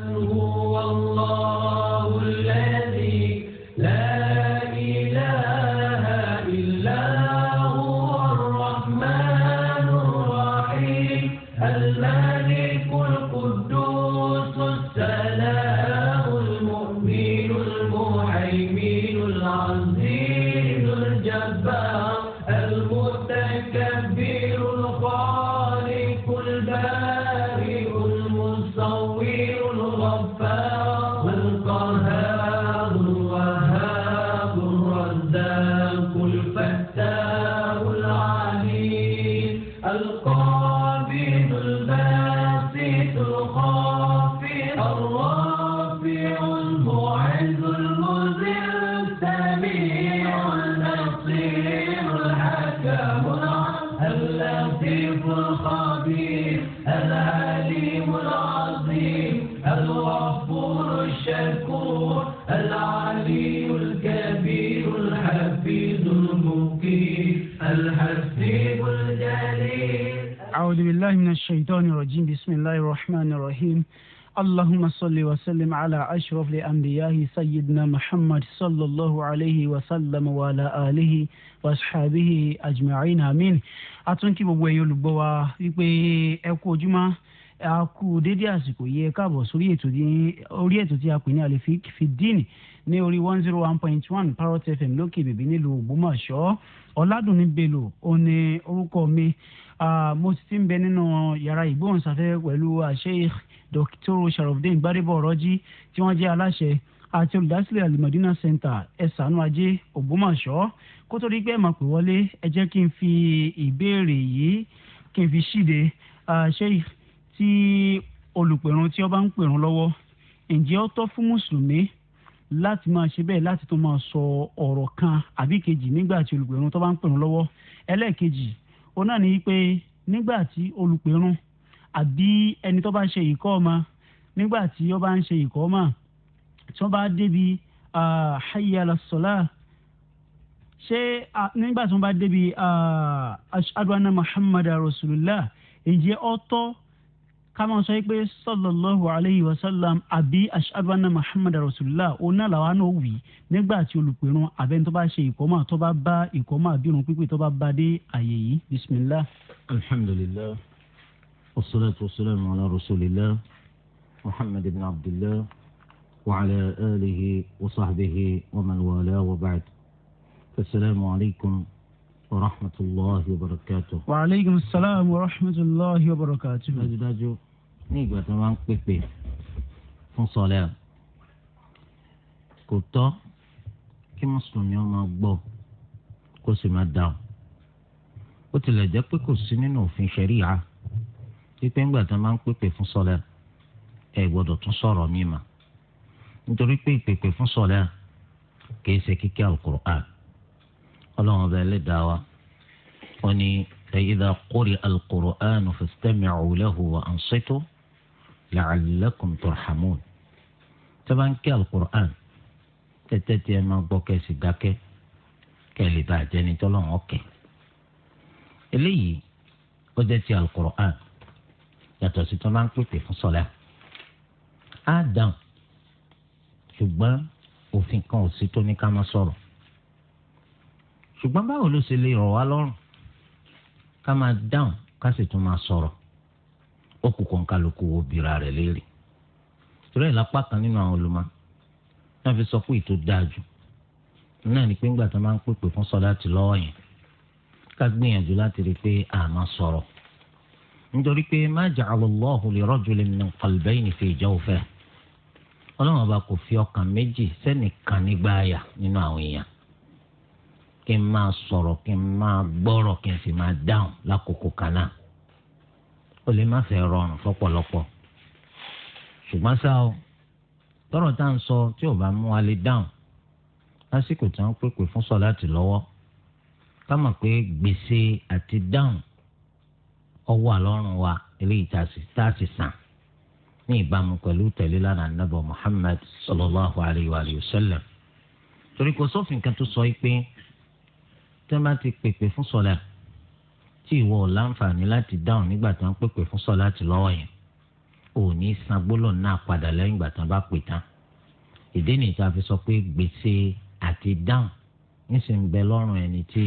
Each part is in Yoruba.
Oh. أشرف الأنبياء سيدنا محمد صلى الله عليه وسلم وعلى آله وأصحابه أجمعين آمين أتونكي بوبو يولبوا ويبي أكو جمعة a kú dédé àsìkò yìí ẹ káàbọ̀ sórí ètò orí ètò tí a pè ní àlefik fìdíìnì ní orí one zero one point one parrot fm lókè bèbí nílùú ògbómọ̀ṣọ́ ọ̀làdùnní bello òní orúkọ mi Ah, mo ti ń bẹ nínú yàrá ìgbóhùnsáfẹ́ pẹ̀lú ah, Sheikh Dr. Sharafdin Gbadebo Ọ̀rọ̀jì tí wọ́n jẹ́ aláṣẹ àti olùdásílẹ̀ Alimadina Center ẹ̀sánú ajé Ògbómọ̀ṣọ́ kó tó rí pé ẹ̀ máa pè wọlé ẹ jẹ́ kí n fi ìbéèrè yìí kí n fi ṣíde ah, Sheikh tí olùpẹ̀rún tí ó bá ń pẹ̀rún lọ́wọ́ ǹjẹ́ ó tọ́ fún mùsùlùmí láti máa ṣe bẹ́ẹ̀ láti tó máa sọ ọ̀rọ̀ kan àbí kejì nígbà tí olùpẹ̀rún tó bá ń pẹ̀rún lọ́wọ́ ẹlẹ́ẹ̀kejì òun náà ni pé nígbà tí olùpẹ̀rún àbí ẹni tó bá ń ṣe ìkọ́ ọmọ nígbà tí ó bá ń ṣe ìkọ́ ọmọ tí wọ́n bá débi hayya ala ṣé nígbà tí wọ́n bá débi ashadu anna muhammadu rasulullah ǹjẹ́ ọ̀tọ̀ kámọ́ sọ pé sallallahu alayhi wa sallam àbí ashhadu anna muhammad rasulullah oná làwa náà wì nígbà tí olùpẹ̀rún abẹ́ni tó bá ṣe ìkọ́mà tó bá bá ìkọ́mà bírun pípé tó bá bá dé àyè yìí bismillah. alhamdulillah wassalatu wassalamu ala rasulillah muhammad ibn abdillah wa ala alihi wa sahbihi wa man wala wa ba'd assalamu alaykum wa rahmatulahi wa barakatuh. wa aleykum salaam wa rahmatulahi wa ní ìgbà tí wọ́n ń pèpè fún sọlẹ́ kò tọ́ kí mùsùlùmí ó máa gbọ́ kó sì máa dáhùn ó tilẹ̀ jẹ́ pé kò sí nínú òfin ṣẹ̀ríà pípẹ́ ńgbà tí wọ́n máa ń pèpè fún sọlẹ́ ẹ gbọ́dọ̀ tún sọ̀rọ̀ mi mà nítorí pé ìpèpè fún sọlẹ́ kìí ṣe kíkẹ́ alukur'an ọlọ́run ọba ẹlẹ́dàá wa ó ní ẹ̀yẹ́dà kórè alukur'an fastami'u lahu wa ansitu la'allakum turhamun tẹ́bá ń kí alukur'an tẹ́tẹ́ tí ẹ máa gbọ́ kẹ́sì dákẹ́ kẹ́ lè bá àjẹni tọ́lọ́run ọ̀kẹ́ eléyìí ó jẹ́ ti alukur'an yàtọ̀ sí tó máa ń pèpè fún sọ́lá á dáhùn ṣùgbọ́n òfin kan ò sí tó ní ká má sọ̀rọ̀ ṣùgbọ́n báwo ló ṣe lè rọ̀ wá lọ́rùn ká máa dáhùn ká sì tún máa sọ̀rọ̀ ó kù kàn kálukú wo bìrà rẹ̀ léèrè torí ẹ̀ lápá kan nínú àwọn olùmọ̀ náà fi sọ pé ètò dáa jù náà ni pé ńgbà tó máa ń pèpè fún sọlá ti lọ́wọ́ yẹn ká gbìyànjú láti rí i pé àmọ́ sọ̀rọ̀ nítorí pé má ja'ala Allahu li rajulin min qalbayni fi jawfihi ọlọ́run ọba kò fi ọkàn méjì sẹ́nìkan nígbà àyà nínú àwọn èèyàn kí n máa sọ̀rọ̀ kí n máa gbọ́rọ̀ kí n sì máa dáhùn lákòókò kan náà ó lè má fẹ́ rọrùn fọ́pọ̀lọpọ̀ ṣùgbọ́n ṣá o tọrọ tá à ń sọ tí ò bá mú wa lè dáhùn lásìkò tí wọ́n pèpè fún sọ̀láàtì lọ́wọ́ ká mọ̀ pé gbèsè àti dáhùn ọwọ́ àlọ́run wa eléyìí tá a sì sàn ní ìbámu pẹ̀lú tẹ̀lé lánàá nàbọ̀ Muhammad sallallahu alayhi wa sallam torí kò sófin kan tó sọ yìí pé tí bá ti pèpè fún sọ̀láàtì tí ìwọ ò láǹfààní láti dáhùn nígbà tí wọ́n pèpè fún sọ̀láàtì lọ́wọ́ yẹn ò ní san gbólọ̀ náà padà lẹ́yìn ìgbà tí wọ́n bá pè tán ìdí nìyí tá a fi sọ pé gbèsè àti dáhùn nísìnyí bẹ lọ́rùn ẹni tí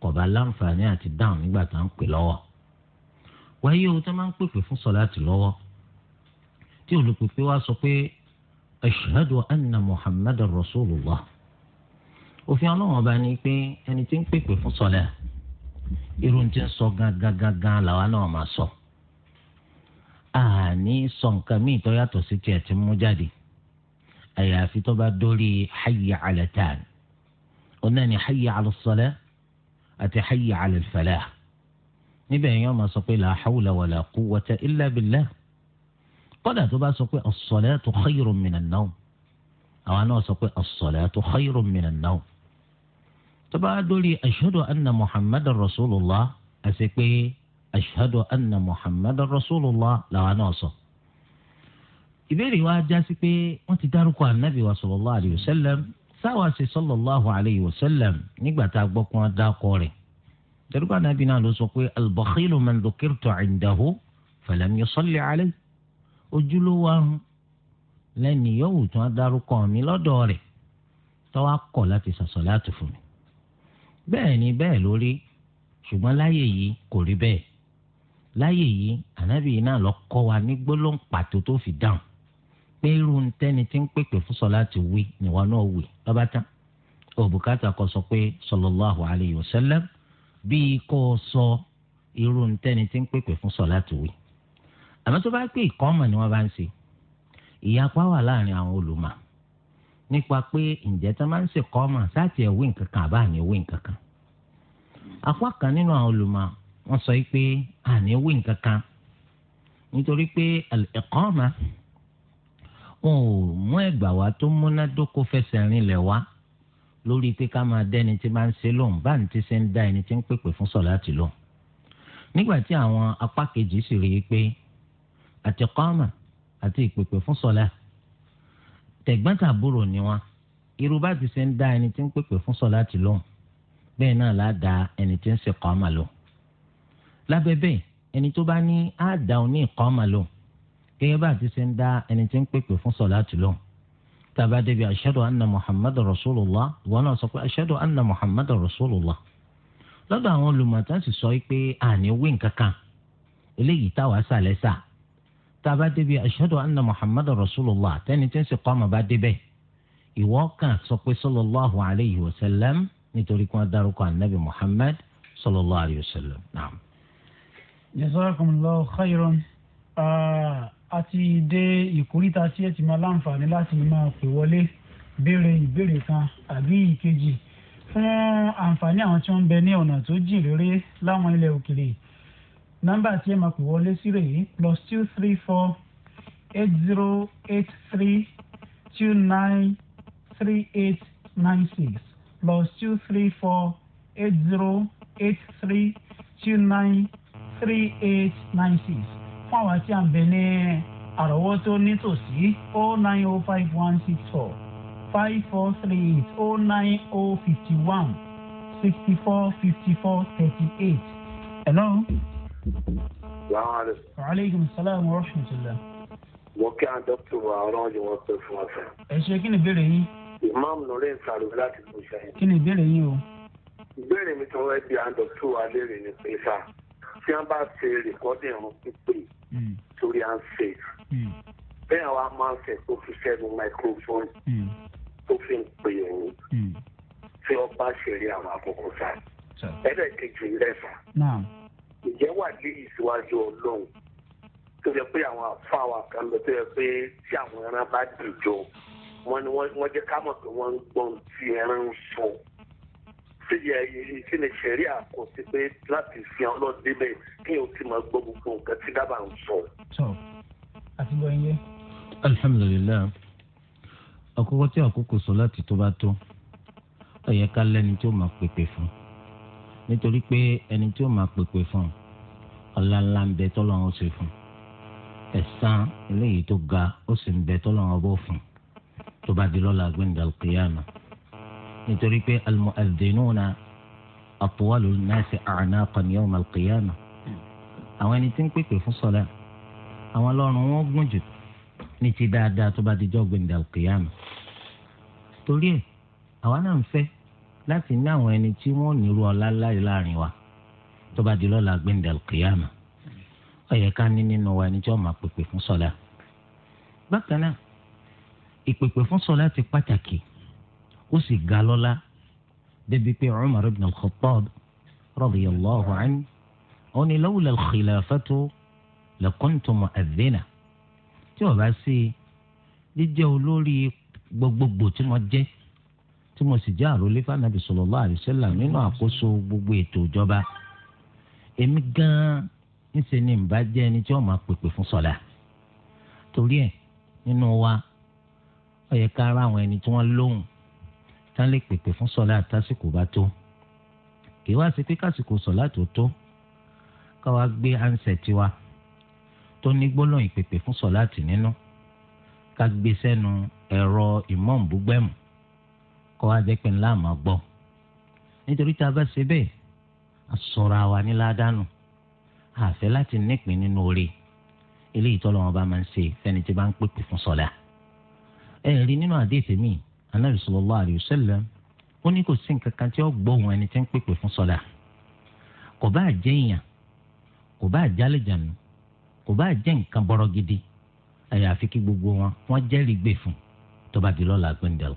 kò bá láǹfààní àti dáhùn nígbà tí wọ́n pè lọ́wọ́ wáyé o tó máa ń pèpè fún sọ̀láàtì lọ́wọ́ tí olùpèpè wa sọ pé ashhadu anna muhammadar rasulullah òfin ọlọ́wọ́n bá ní pé ẹni tí ń pèpè fún sọ̀láàtì irun tí ń sọ gangan gangan làwa náà máa sọ àní sọ nǹkan míì tó yàtọ̀ sí tiẹ̀ tí ń mú jáde àyàfi tó bá dórí hayya ala tan òun náà ni hayya ala salah àti hayya ala falah níbẹ̀ yẹn wọ́n máa sọ pé la hawla wala quwwata illa billah kódà tó bá sọ pé as-salatu khayrun minan nawm àwa náà sọ pé as-salatu khayrun minan nawm tó bá dórí ashhadu anna muhammadan rasulullah àti pé ashhadu anna muhammadan rasulullah làwọn náà sọ. ìbéèrè wa já sí pé wọ́n ti dárúkọ anabi wa sallallahu alayhi wa sallam sáwà sí sallallahu alayhi wa sallam nígbà tá a gbọ́ kí wọ́n dákọ rẹ̀ tẹ̀lifà nàbì náà ló sọ pé albakhilu man dhukirtu indahu falam yusalli alayhi ojúlówó ahun lẹ́ni yóò wù tí wọ́n dárúkọ mi lọ́dọ̀ rẹ̀ tọ́wọ́ kọ̀ láti fún mi bẹ́ẹ̀ ni bẹ́ẹ̀ ló rí ṣùgbọ́n láyé yìí kò rí bẹ́ẹ̀ láyé yìí ànábì yìí náà lọ kọ́ wa ní gbólóhùn pàtó tó fi dáhùn pé irú tẹ́ni tí ń pèpè fún sọ láti wí níwọ náà wí lọ́ba tán òbúkátà kọ sọ pé sallallahu alayhi wa sallam bíi kó o sọ irú tẹ́ni tí ń pèpè fún sọ láti wí àmọ́ tó bá pè ìkọ́ ọmọ ni wọ́n bá ń ṣe ìyapa wà láàrin àwọn olùmọ̀ọ́ nípa pé ǹjẹ́ tá a máa ń ṣe kọ́ mà sáàtì ẹ̀ wí nǹkan kan àbá àní wí nǹkan kan. apá kan nínú àwọn olùmọ̀ wọ́n sọ pé àní wí nǹkan kan nítorí pé ẹ̀kọ́ mà wọn ò mú ẹ̀gbà wá tó múnádóko fẹsẹ̀ rinlẹ̀ wá lórí pé ká máa dẹ́ni tí máa ń ṣe lóhùn bá ní ti ṣe ń dá ẹni tí ń pèpè fún sọ̀láàtì lóhùn. nígbà tí àwọn apá kejì sì rí i pé àti kọ́mà àti ìpèpè fún sọ̀láàtì tẹ̀gbọ́n tàbúrò ni wọn irú bá ti ṣe ń dá ẹni tí ń pèpè fún sọ̀láàtì lóhùn bẹ́ẹ̀ náà láà dá ẹni tí ń ṣe ìkámà lóhùn lábẹ́ bẹ́ẹ̀ ẹni tó bá ní á dá òní ìkámà lóhùn gẹ́gẹ́ bá ti ṣe ń dá ẹni tí ń pèpè fún sọ̀láàtì lóhùn tàbá débi ashadu anna muhammadu rasulullah wọn náà sọ pé ashadu anna muhammadu rasulullah lọ́dọ̀ àwọn olùmọ̀tán sì sọ pé àní wí nǹkan kan eléyìí táwa sàlẹ̀ sáà tá a bá débi ashhadu anna muhammadar rasulullah àtẹni tí ń sì kọ́ ọmọ bá débẹ̀ ìwọ kan sọ pé sallallahu alayhi wa sallam nítorí kí wọ́n dárúkọ anabi muhammad sallallahu alayhi wa sallam naam. jazakumullahu khairan àti dé ìkórìtà tí ẹ ti máa láǹfààní láti máa pè wọlé béèrè ìbéèrè kan àbí ìkejì fún àǹfààní àwọn tí wọ́n ń bẹ ní ọ̀nà tó jìn réré láwọn ilẹ̀ òkèèrè nọ́mbà tí ẹ máa pè wọlé sí rèé plus two three four eight zero eight three two nine three eight nine six plus two three four eight zero eight three two nine three eight nine six fún àwọn tí a ń bẹ ní àrọ́wọ́tó nítòsí oh nine o oh five one six four five four three eight o oh nine o oh fifty one sixty four fifty four thirty eight. hello aleykum salaam wa rahmatulah. mo kí àwọn dókítà àwọn ọjọ́ wọn pé fún ọsẹ. ẹ ṣe kí ni ìbéèrè yín. imam nore nsàlù láti kú sẹ́yìn. kí ni ìbéèrè yín o. ìbéèrè mi tí wọ́n bí àwọn dókítà wa léèrè ni pé sá tí wọ́n bá ṣe rìkọ́dì ẹ̀rùn pípé hmm. sórí à ń ṣe bẹ́ẹ̀ wá máa ń fẹ́ kó fi sẹ́nu microphone hmm. tó fi ń pè òun hmm. tí wọ́n bá ṣe rí àwọn àkókò sáà ẹ̀ẹ́dẹ̀kejì lẹ́fà ìjẹ́ wà ní ìṣíwájú ọlọ́run tó yẹ pé àwọn afáwa kan lọ tó yẹ pé tí àwọn ẹran bá dìjọ wọn ni wọn jẹ ká mọ̀ pé wọ́n ń gbọ́n tí ẹran ń sọ sí ni sẹ̀rí àkọsí pé láti fi àwọn ọlọ́dẹ bẹ́ẹ̀ kí o ti máa gbọ́ gbogbo nǹkan tí dábàá ń sọ. sọ àti gbọ́ iye. alhamdulilayi àkókò tí àkókò sọ láti tó bá tó ẹ̀yẹ ká lẹ́ni tó máa pèpè fún un nítorí pé ẹni tí ó máa pèpè fún ọlá ńlá ń bẹ tọ́lọ́run ó ṣe fún ẹ̀san eléyìí tó ga ó sì ń bẹ tọ́lọ́run ọbọ̀ fún tó bá di lọ́la gbẹ̀ndà kìyàmà nítorí pé almu'adhdhinuna atwalu an-nasi a'naqan yawma al-qiyama àwọn ẹni tí ń pèpè fún sọlá àwọn ọlọ́run wọn gùn jù ní ti dáadáa tó bá di jọ́ gbẹ̀ndà kìyàmà torí ẹ̀ àwa náà ń fẹ́ láti ní àwọn ẹni tí wọ́n nírú ọlá láì láàrin wa tó bá di lọ́la gbẹ̀ndẹ̀l kìyàmà ó yẹ ká ní nínú wa ẹni tí wọ́n máa pèpè fún sọ́lá. bákan náà ìpèpè fún sọ́lá ti pàtàkì ó sì ga lọ́lá débi pé Umar ibn al-Khattab radiyallahu anhu ó ní lawla al-khilafatu lakuntu tí wọ́n bá sí jíjẹ́ olórí gbogbogbò tí wọ́n jẹ́ tí mo sì jẹ́ àròlé fànàbì sallallahu alaihi wasallam nínú àkóso gbogbo ètò ìjọba èmi gan-an ńṣe ni ǹbá jẹ́ ẹni tí wọ́n pèpè fún sọ̀dà torí ẹ̀ nínú wa ó yẹ ká ara àwọn ẹni tí wọ́n lóhùn tá lè pèpè fún sọ̀dà tásìkò bá tó kì í wá sí pé kásìkò sọ̀dà tó tó ká wá gbé ánsẹ̀ tiwa tó ní gbólóhùn ìpèpè fún sọ̀dà tì nínú ká gbé sẹ́nu ẹ̀rọ ìmọ̀ǹbúgbẹ̀mù kọ́ wá jẹ́ pé ńlá àmọ́ gbọ́ nítorí tá a bá ṣe bẹ́ẹ̀ àsọ̀rọ̀ àwa ní ládánù àfẹ́ láti nípìn nínú oore eléyìí tọ́lọ́ wọn bá máa ń ṣe fẹ́ni tí bá ń pèpè fún sọ́lá ẹ rí nínú àdéhìí mi anábì sallallahu alayhi wa sallam ó ní kò sí nǹkan kan tí ó gbóhùn ẹni tí ń pèpè fún sọ́lá kò bá jẹ́ èèyàn kò bá jálẹ̀jànù kò bá jẹ́ nǹkan bọ́rọ̀ gidi àyàfi kí gbogbo wọn wọ́n jẹ́rìí gbè fún tó bá di lọ́la gbẹ̀ndẹ̀ al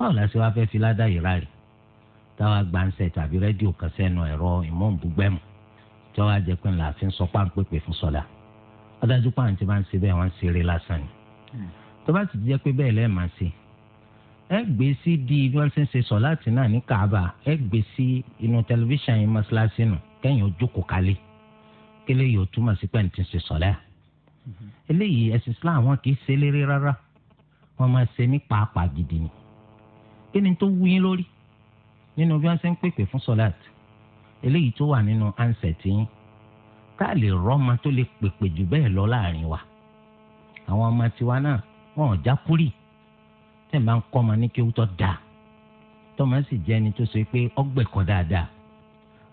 báwo la ṣe wá fẹ́ fi ládàá yìí ráàlì táwa gbàǹsẹ̀ tàbí rédíò kan sẹ́nu ẹ̀rọ ìmọ̀ǹbùgbẹ́mù tí wọ́n á jẹ́ pé ńlá fi ń sọ páńpépè fún sọ́lá ọ̀dájú pàǹ tí wọ́n ń ṣe bẹ́ẹ̀ wọ́n ń ṣeré lásán ni tó bá sì jẹ́ pé bẹ́ẹ̀ lẹ́ẹ̀ máa ṣe ẹ gbé sí di bí wọ́n ṣe ń ṣe sọ̀láàtì náà ní Kaaba ẹ gbé sí inú tẹlifíṣàn yìí mọ́ṣáláṣí nù kẹ́yìn ojókòó kalẹ̀ kélé yóò túmọ̀ sí pẹ́ǹtì ṣe sọ̀lá eléyìí ẹ̀sìn Islam wọn kì í ṣe eléré rárá wọ́n máa ṣe ní pàápàá gidi ni kí ni tó wú yín lórí nínú bí wọ́n ṣe ń pèpè fún sọ́láàt eléyìí tó wà nínú ansẹ̀tì yín tá a lè rọ́mọ tó lè pèpè jù bẹ́ẹ̀ lọ láàrin wa àwọn ọmọ tiwa náà wọn ò já kúrì tẹ̀ ń kọ́ ọmọ ní kí ó tọ́ da tọ́mọ sì jẹ́ ẹni tó ṣe pé ọgbẹ̀kọ́ dáadáa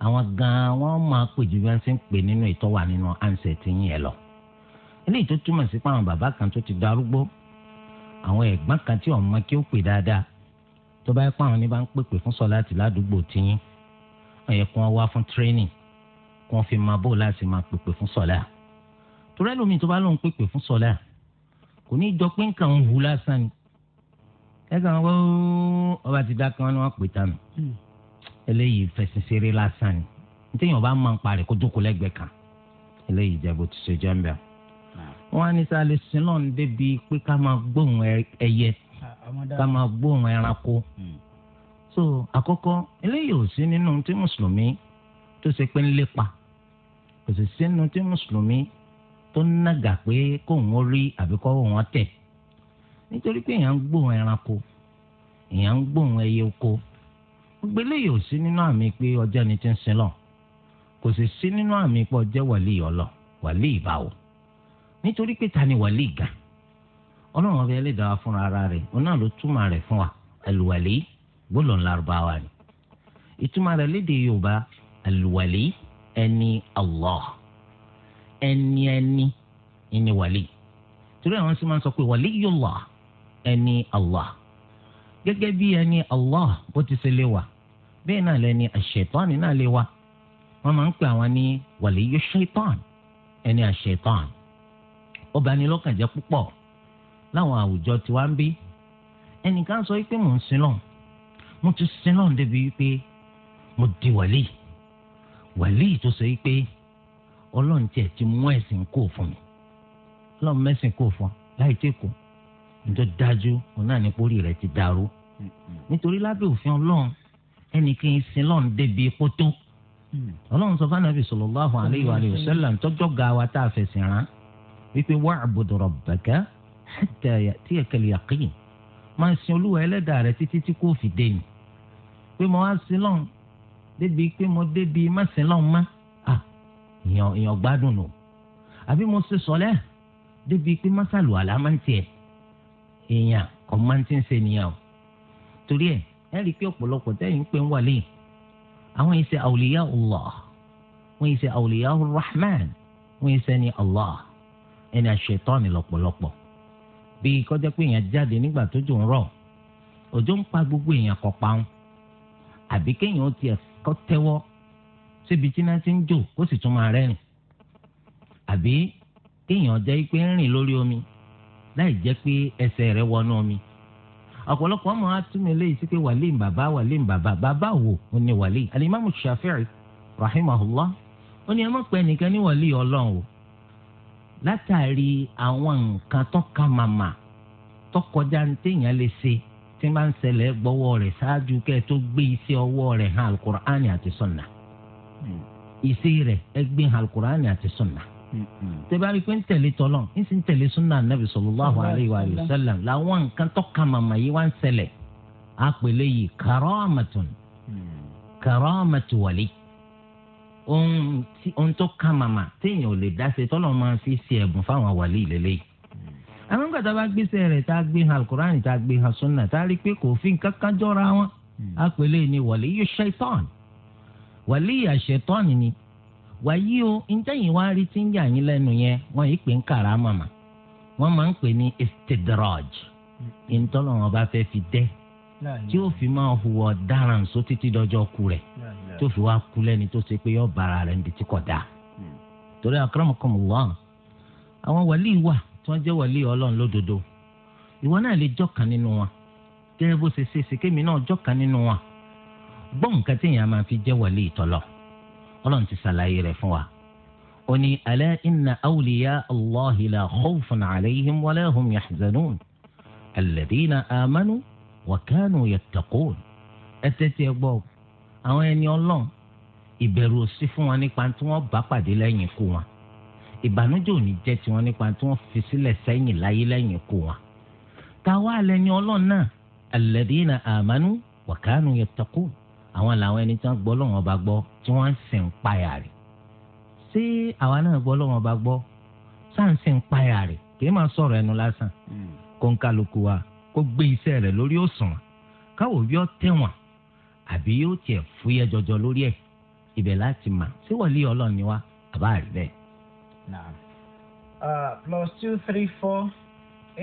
àwọn gan-an wọ́n máa pè jù bí wọ́n ṣe ń pè nínú ìtọ́wà nínú ansẹ̀tì yín ẹ̀ lọ eléyìí tó túmọ̀ sí pé àwọn bàbá kan tó ti darúgbó àwọn ẹ̀gbọ́n kan tí ọmọ kí ó pè dáadáa tó bá yẹ pé àwọn ní bá ń pèpè fún sọláàtì ládùúgbò tiyín ẹ̀yẹ kí wọ́n wá fún tírénìn kí wọ́n fi máa bò láti máa pèpè fún sọláà torí ẹlòmíì tó bá lóun pèpè fún sọláà kò ní jọ pé nǹkan ń hu lásán ni ẹ̀ka wọn ọba ti dá kí wọ́n ní wọ́n pè tánu hmm. eléyìí fẹsẹ̀ ṣeré lásán ni nítéèyàn bá máa ń parẹ́ kó jókòó lẹ́gbẹ̀ẹ́ kan eléyìí jẹ́ bó ti ṣe jẹ́ ń bẹ̀ hmm. wọ́n á ní sáà lè sin lọ́n débi pé ká máa gbóhùn ẹyẹ ká máa gbóhùn ẹranko hmm. so àkọ́kọ́ eléyìí ò sí nínú tí mùsùlùmí tó ṣe pé ń lépa kò sì sínú tí mùsùlùmí tó ń nàgà pé kóun ó rí àbí kọ́ wọn tẹ̀ nítorí pé èèyàn ń gbóhùn ẹranko èèyàn ń gbóhùn ẹyẹ oko gbogbo eléyìí ò sí nínú àmì pé ọjọ́ ni ti ń sin lọ kò sì sí nínú àmì pé ọjọ́ wàlíì ọlọ wàlíì ìbáwò nítorí pé ta ni wàlíì gan ọlọ́run ọba ẹlẹ́dàá fúnra ara rẹ̀ òun náà ló túmọ̀ rẹ̀ fún wa àlùwàlí gbólóhùn lárúbáwá ni ìtumọ̀ rẹ̀ lédè yorùbá àlùwàlí ẹni allah ẹni ẹni ẹni wàlí torí àwọn sì máa ń sọ pé waliyullah ẹni allah gẹ́gẹ́ bí ẹni allah bó ti ṣe lé wa bẹ́ẹ̀ náà lẹ́ni àṣetán náà lé wa wọ́n máa ń pè àwọn ní wàlíyù ṣetán ẹni àṣetán ó bani lọ́kàn jẹ́ púpọ̀ láwọn àwùjọ tí wàá ń bí ẹnìkan sọ pé mò ń sin lọ́n mo ti sin lọ́n débi pé mo di wàlí wàlí tó sọ pé ọlọ́run tiẹ̀ ti mú ẹ̀sìn kó fún mi ọlọ́run mẹ́sìn kó fún láì tí kò níjọ́ dájú òun náà ní pórí rẹ̀ ti dàrú nítorí lábẹ́ òfin ọlọ́run ẹnìkan sin lọ́n débi kótó ọlọ́run sọ fún anabi sallallahu alayhi wa sallam tọ́jọ́ ga wa tá a fẹ̀sìn rán wípé wa'budu rabbaka hatta ya'tiyakal yaqin máa sin olúwa ẹlẹ́dàá rẹ títí tí kò fi dé ni pé mo wá sí lọ́n débi pé mo débi má sí lọ́n má èèyàn èèyàn gbádùn nù àbí mo ṣe sọlẹ́ débi pé má sàlùwàlá má ń tiẹ̀ èèyàn kò má ń ti ń ṣe nìyàn o torí ẹ ẹ rí i pé ọ̀pọ̀lọpọ̀ tẹ́yìn ń pè ń wàlẹ́ àwọn yìí ṣe awliya Allah wọ́n yìí Rahman wọ́n yìí ni Allah ẹni àṣetọ́ ni lọ́pọ̀lọpọ̀. bíi kọjá pé èèyàn jáde nígbà tójò ń rọ̀ òjò ń pa gbogbo èèyàn kọ̀ paun àbí kéèyàn tiẹ̀ kọ́ tẹ́wọ́ síbi tí náà ti ń jò kó sì tún máa rẹ́rìn àbí kéèyàn jẹ́ pé ń rìn lórí omi láì jẹ́ pé wọnú omi ọpọlọpọ ọmọ eléyìí sí pé wàlíì bàbá wàlíì bàbá bàbá alimami rahimahullah ó ní ẹ látàrí àwọn nǹkan tọ́ka màmá tọkọjá ní téèyàn lè ṣe tí máa ń ṣẹlẹ̀ gbọ́wọ́ rẹ̀ ṣáájú kẹ́ ẹ tó gbé iṣẹ́ ọwọ́ rẹ̀ hàn alukur'ani àti sunna hmm. iṣẹ́ rẹ̀ ẹ gbé hàn alukur'ani àti sunna hmm, hmm. tẹ́bárí pé ń tẹ̀lé tọ́lọ̀ ń sì ń tẹ̀lé sunna anabi sallallahu alayhi wa sallam làwọn nǹkan tọ́ka màmá yìí wá ń ṣẹlẹ̀ àpèlè yìí kàrọ́ọ̀mẹ̀tún kàrọ́ọ̀mẹ̀tún wàlíì. ohun tó ka màmá téèyàn ò lè dá ṣe tọ́lọ́ máa fi ṣe ẹ̀bùn fáwọn wàlí ìlélẹ́yìí àwọn gbàtà bá gbèsè rẹ̀ tá a gbé hàn alukur'an tá a gbé sunna tá a rí i pé kò fi jọra wọn a pè ní wàlíyù ṣẹ́tọ́n yìí ni wàyí o wá rí ń yà yín lẹ́nu yẹn wọ́n yìí pè ń kàrà màmá wọ́n máa ń pè ní istidraj bá fẹ́ fi dẹ́ tí ó fi máa só títí ku rẹ̀ tó fi wá kú lẹ́ni tó ṣe pé yọ bára rẹ̀ níbi tí kò dáa torí akramakumullah àwọn wàlí wà tí wọ́n jẹ́ wàlí ọlọ́run lódodo ìwọ náà lè jọ́kan nínú wọn gẹ́gẹ́ bó ṣe ṣe ṣèkémi náà jọ́kan nínú wọn gbọ́ nǹkan téèyàn máa fi jẹ́ wàlí ìtọ́lọ̀ ọlọ́run ti ṣàlàyé rẹ̀ fún wa ó ní ala inna awliya allahi la khawfun alayhim wala hum yahzanun alladhina amanu wa kanu yattaqun ẹ tẹ́tí ẹ gbọ́ àwọn ẹni ọlọ́run ìbẹ̀rù òsì fún wọn nípa tí wọ́n bá pàdé lẹ́yìn ikú wọn ìbànújẹ́ ò ní jẹ́ tiwọn nípa tí wọ́n fi sílẹ̀ sẹ́yìn láyé lẹ́yìn ikú wọn. táwa lẹni ọlọ́run náà alladina amanu wa kanu yattaqun àwọn làwọn ẹni tí wọ́n gbọ́ lọ́wọ́n bá gbọ́ tí wọ́n ń sìn ń páyà rẹ̀. ṣé àwa náà gbọ́ lọ́wọ́n bá gbọ́ sáǹsì ń páyà rẹ̀ kì í máa sọ̀rọ̀ ẹnu lásán hmm. kó ń kálukú wa kó gbé iṣẹ́ rẹ̀ lórí òṣùwọ̀n káwọ́ bí ó tẹ̀wọ̀n àbí yóò tiẹ̀ fúyẹ́ jọjọ lórí ẹ̀ ibẹ̀ láti mà sí wọlé ọlọ́ọ̀ni wa àbá rí bẹ́ẹ̀. Uh, plus two three four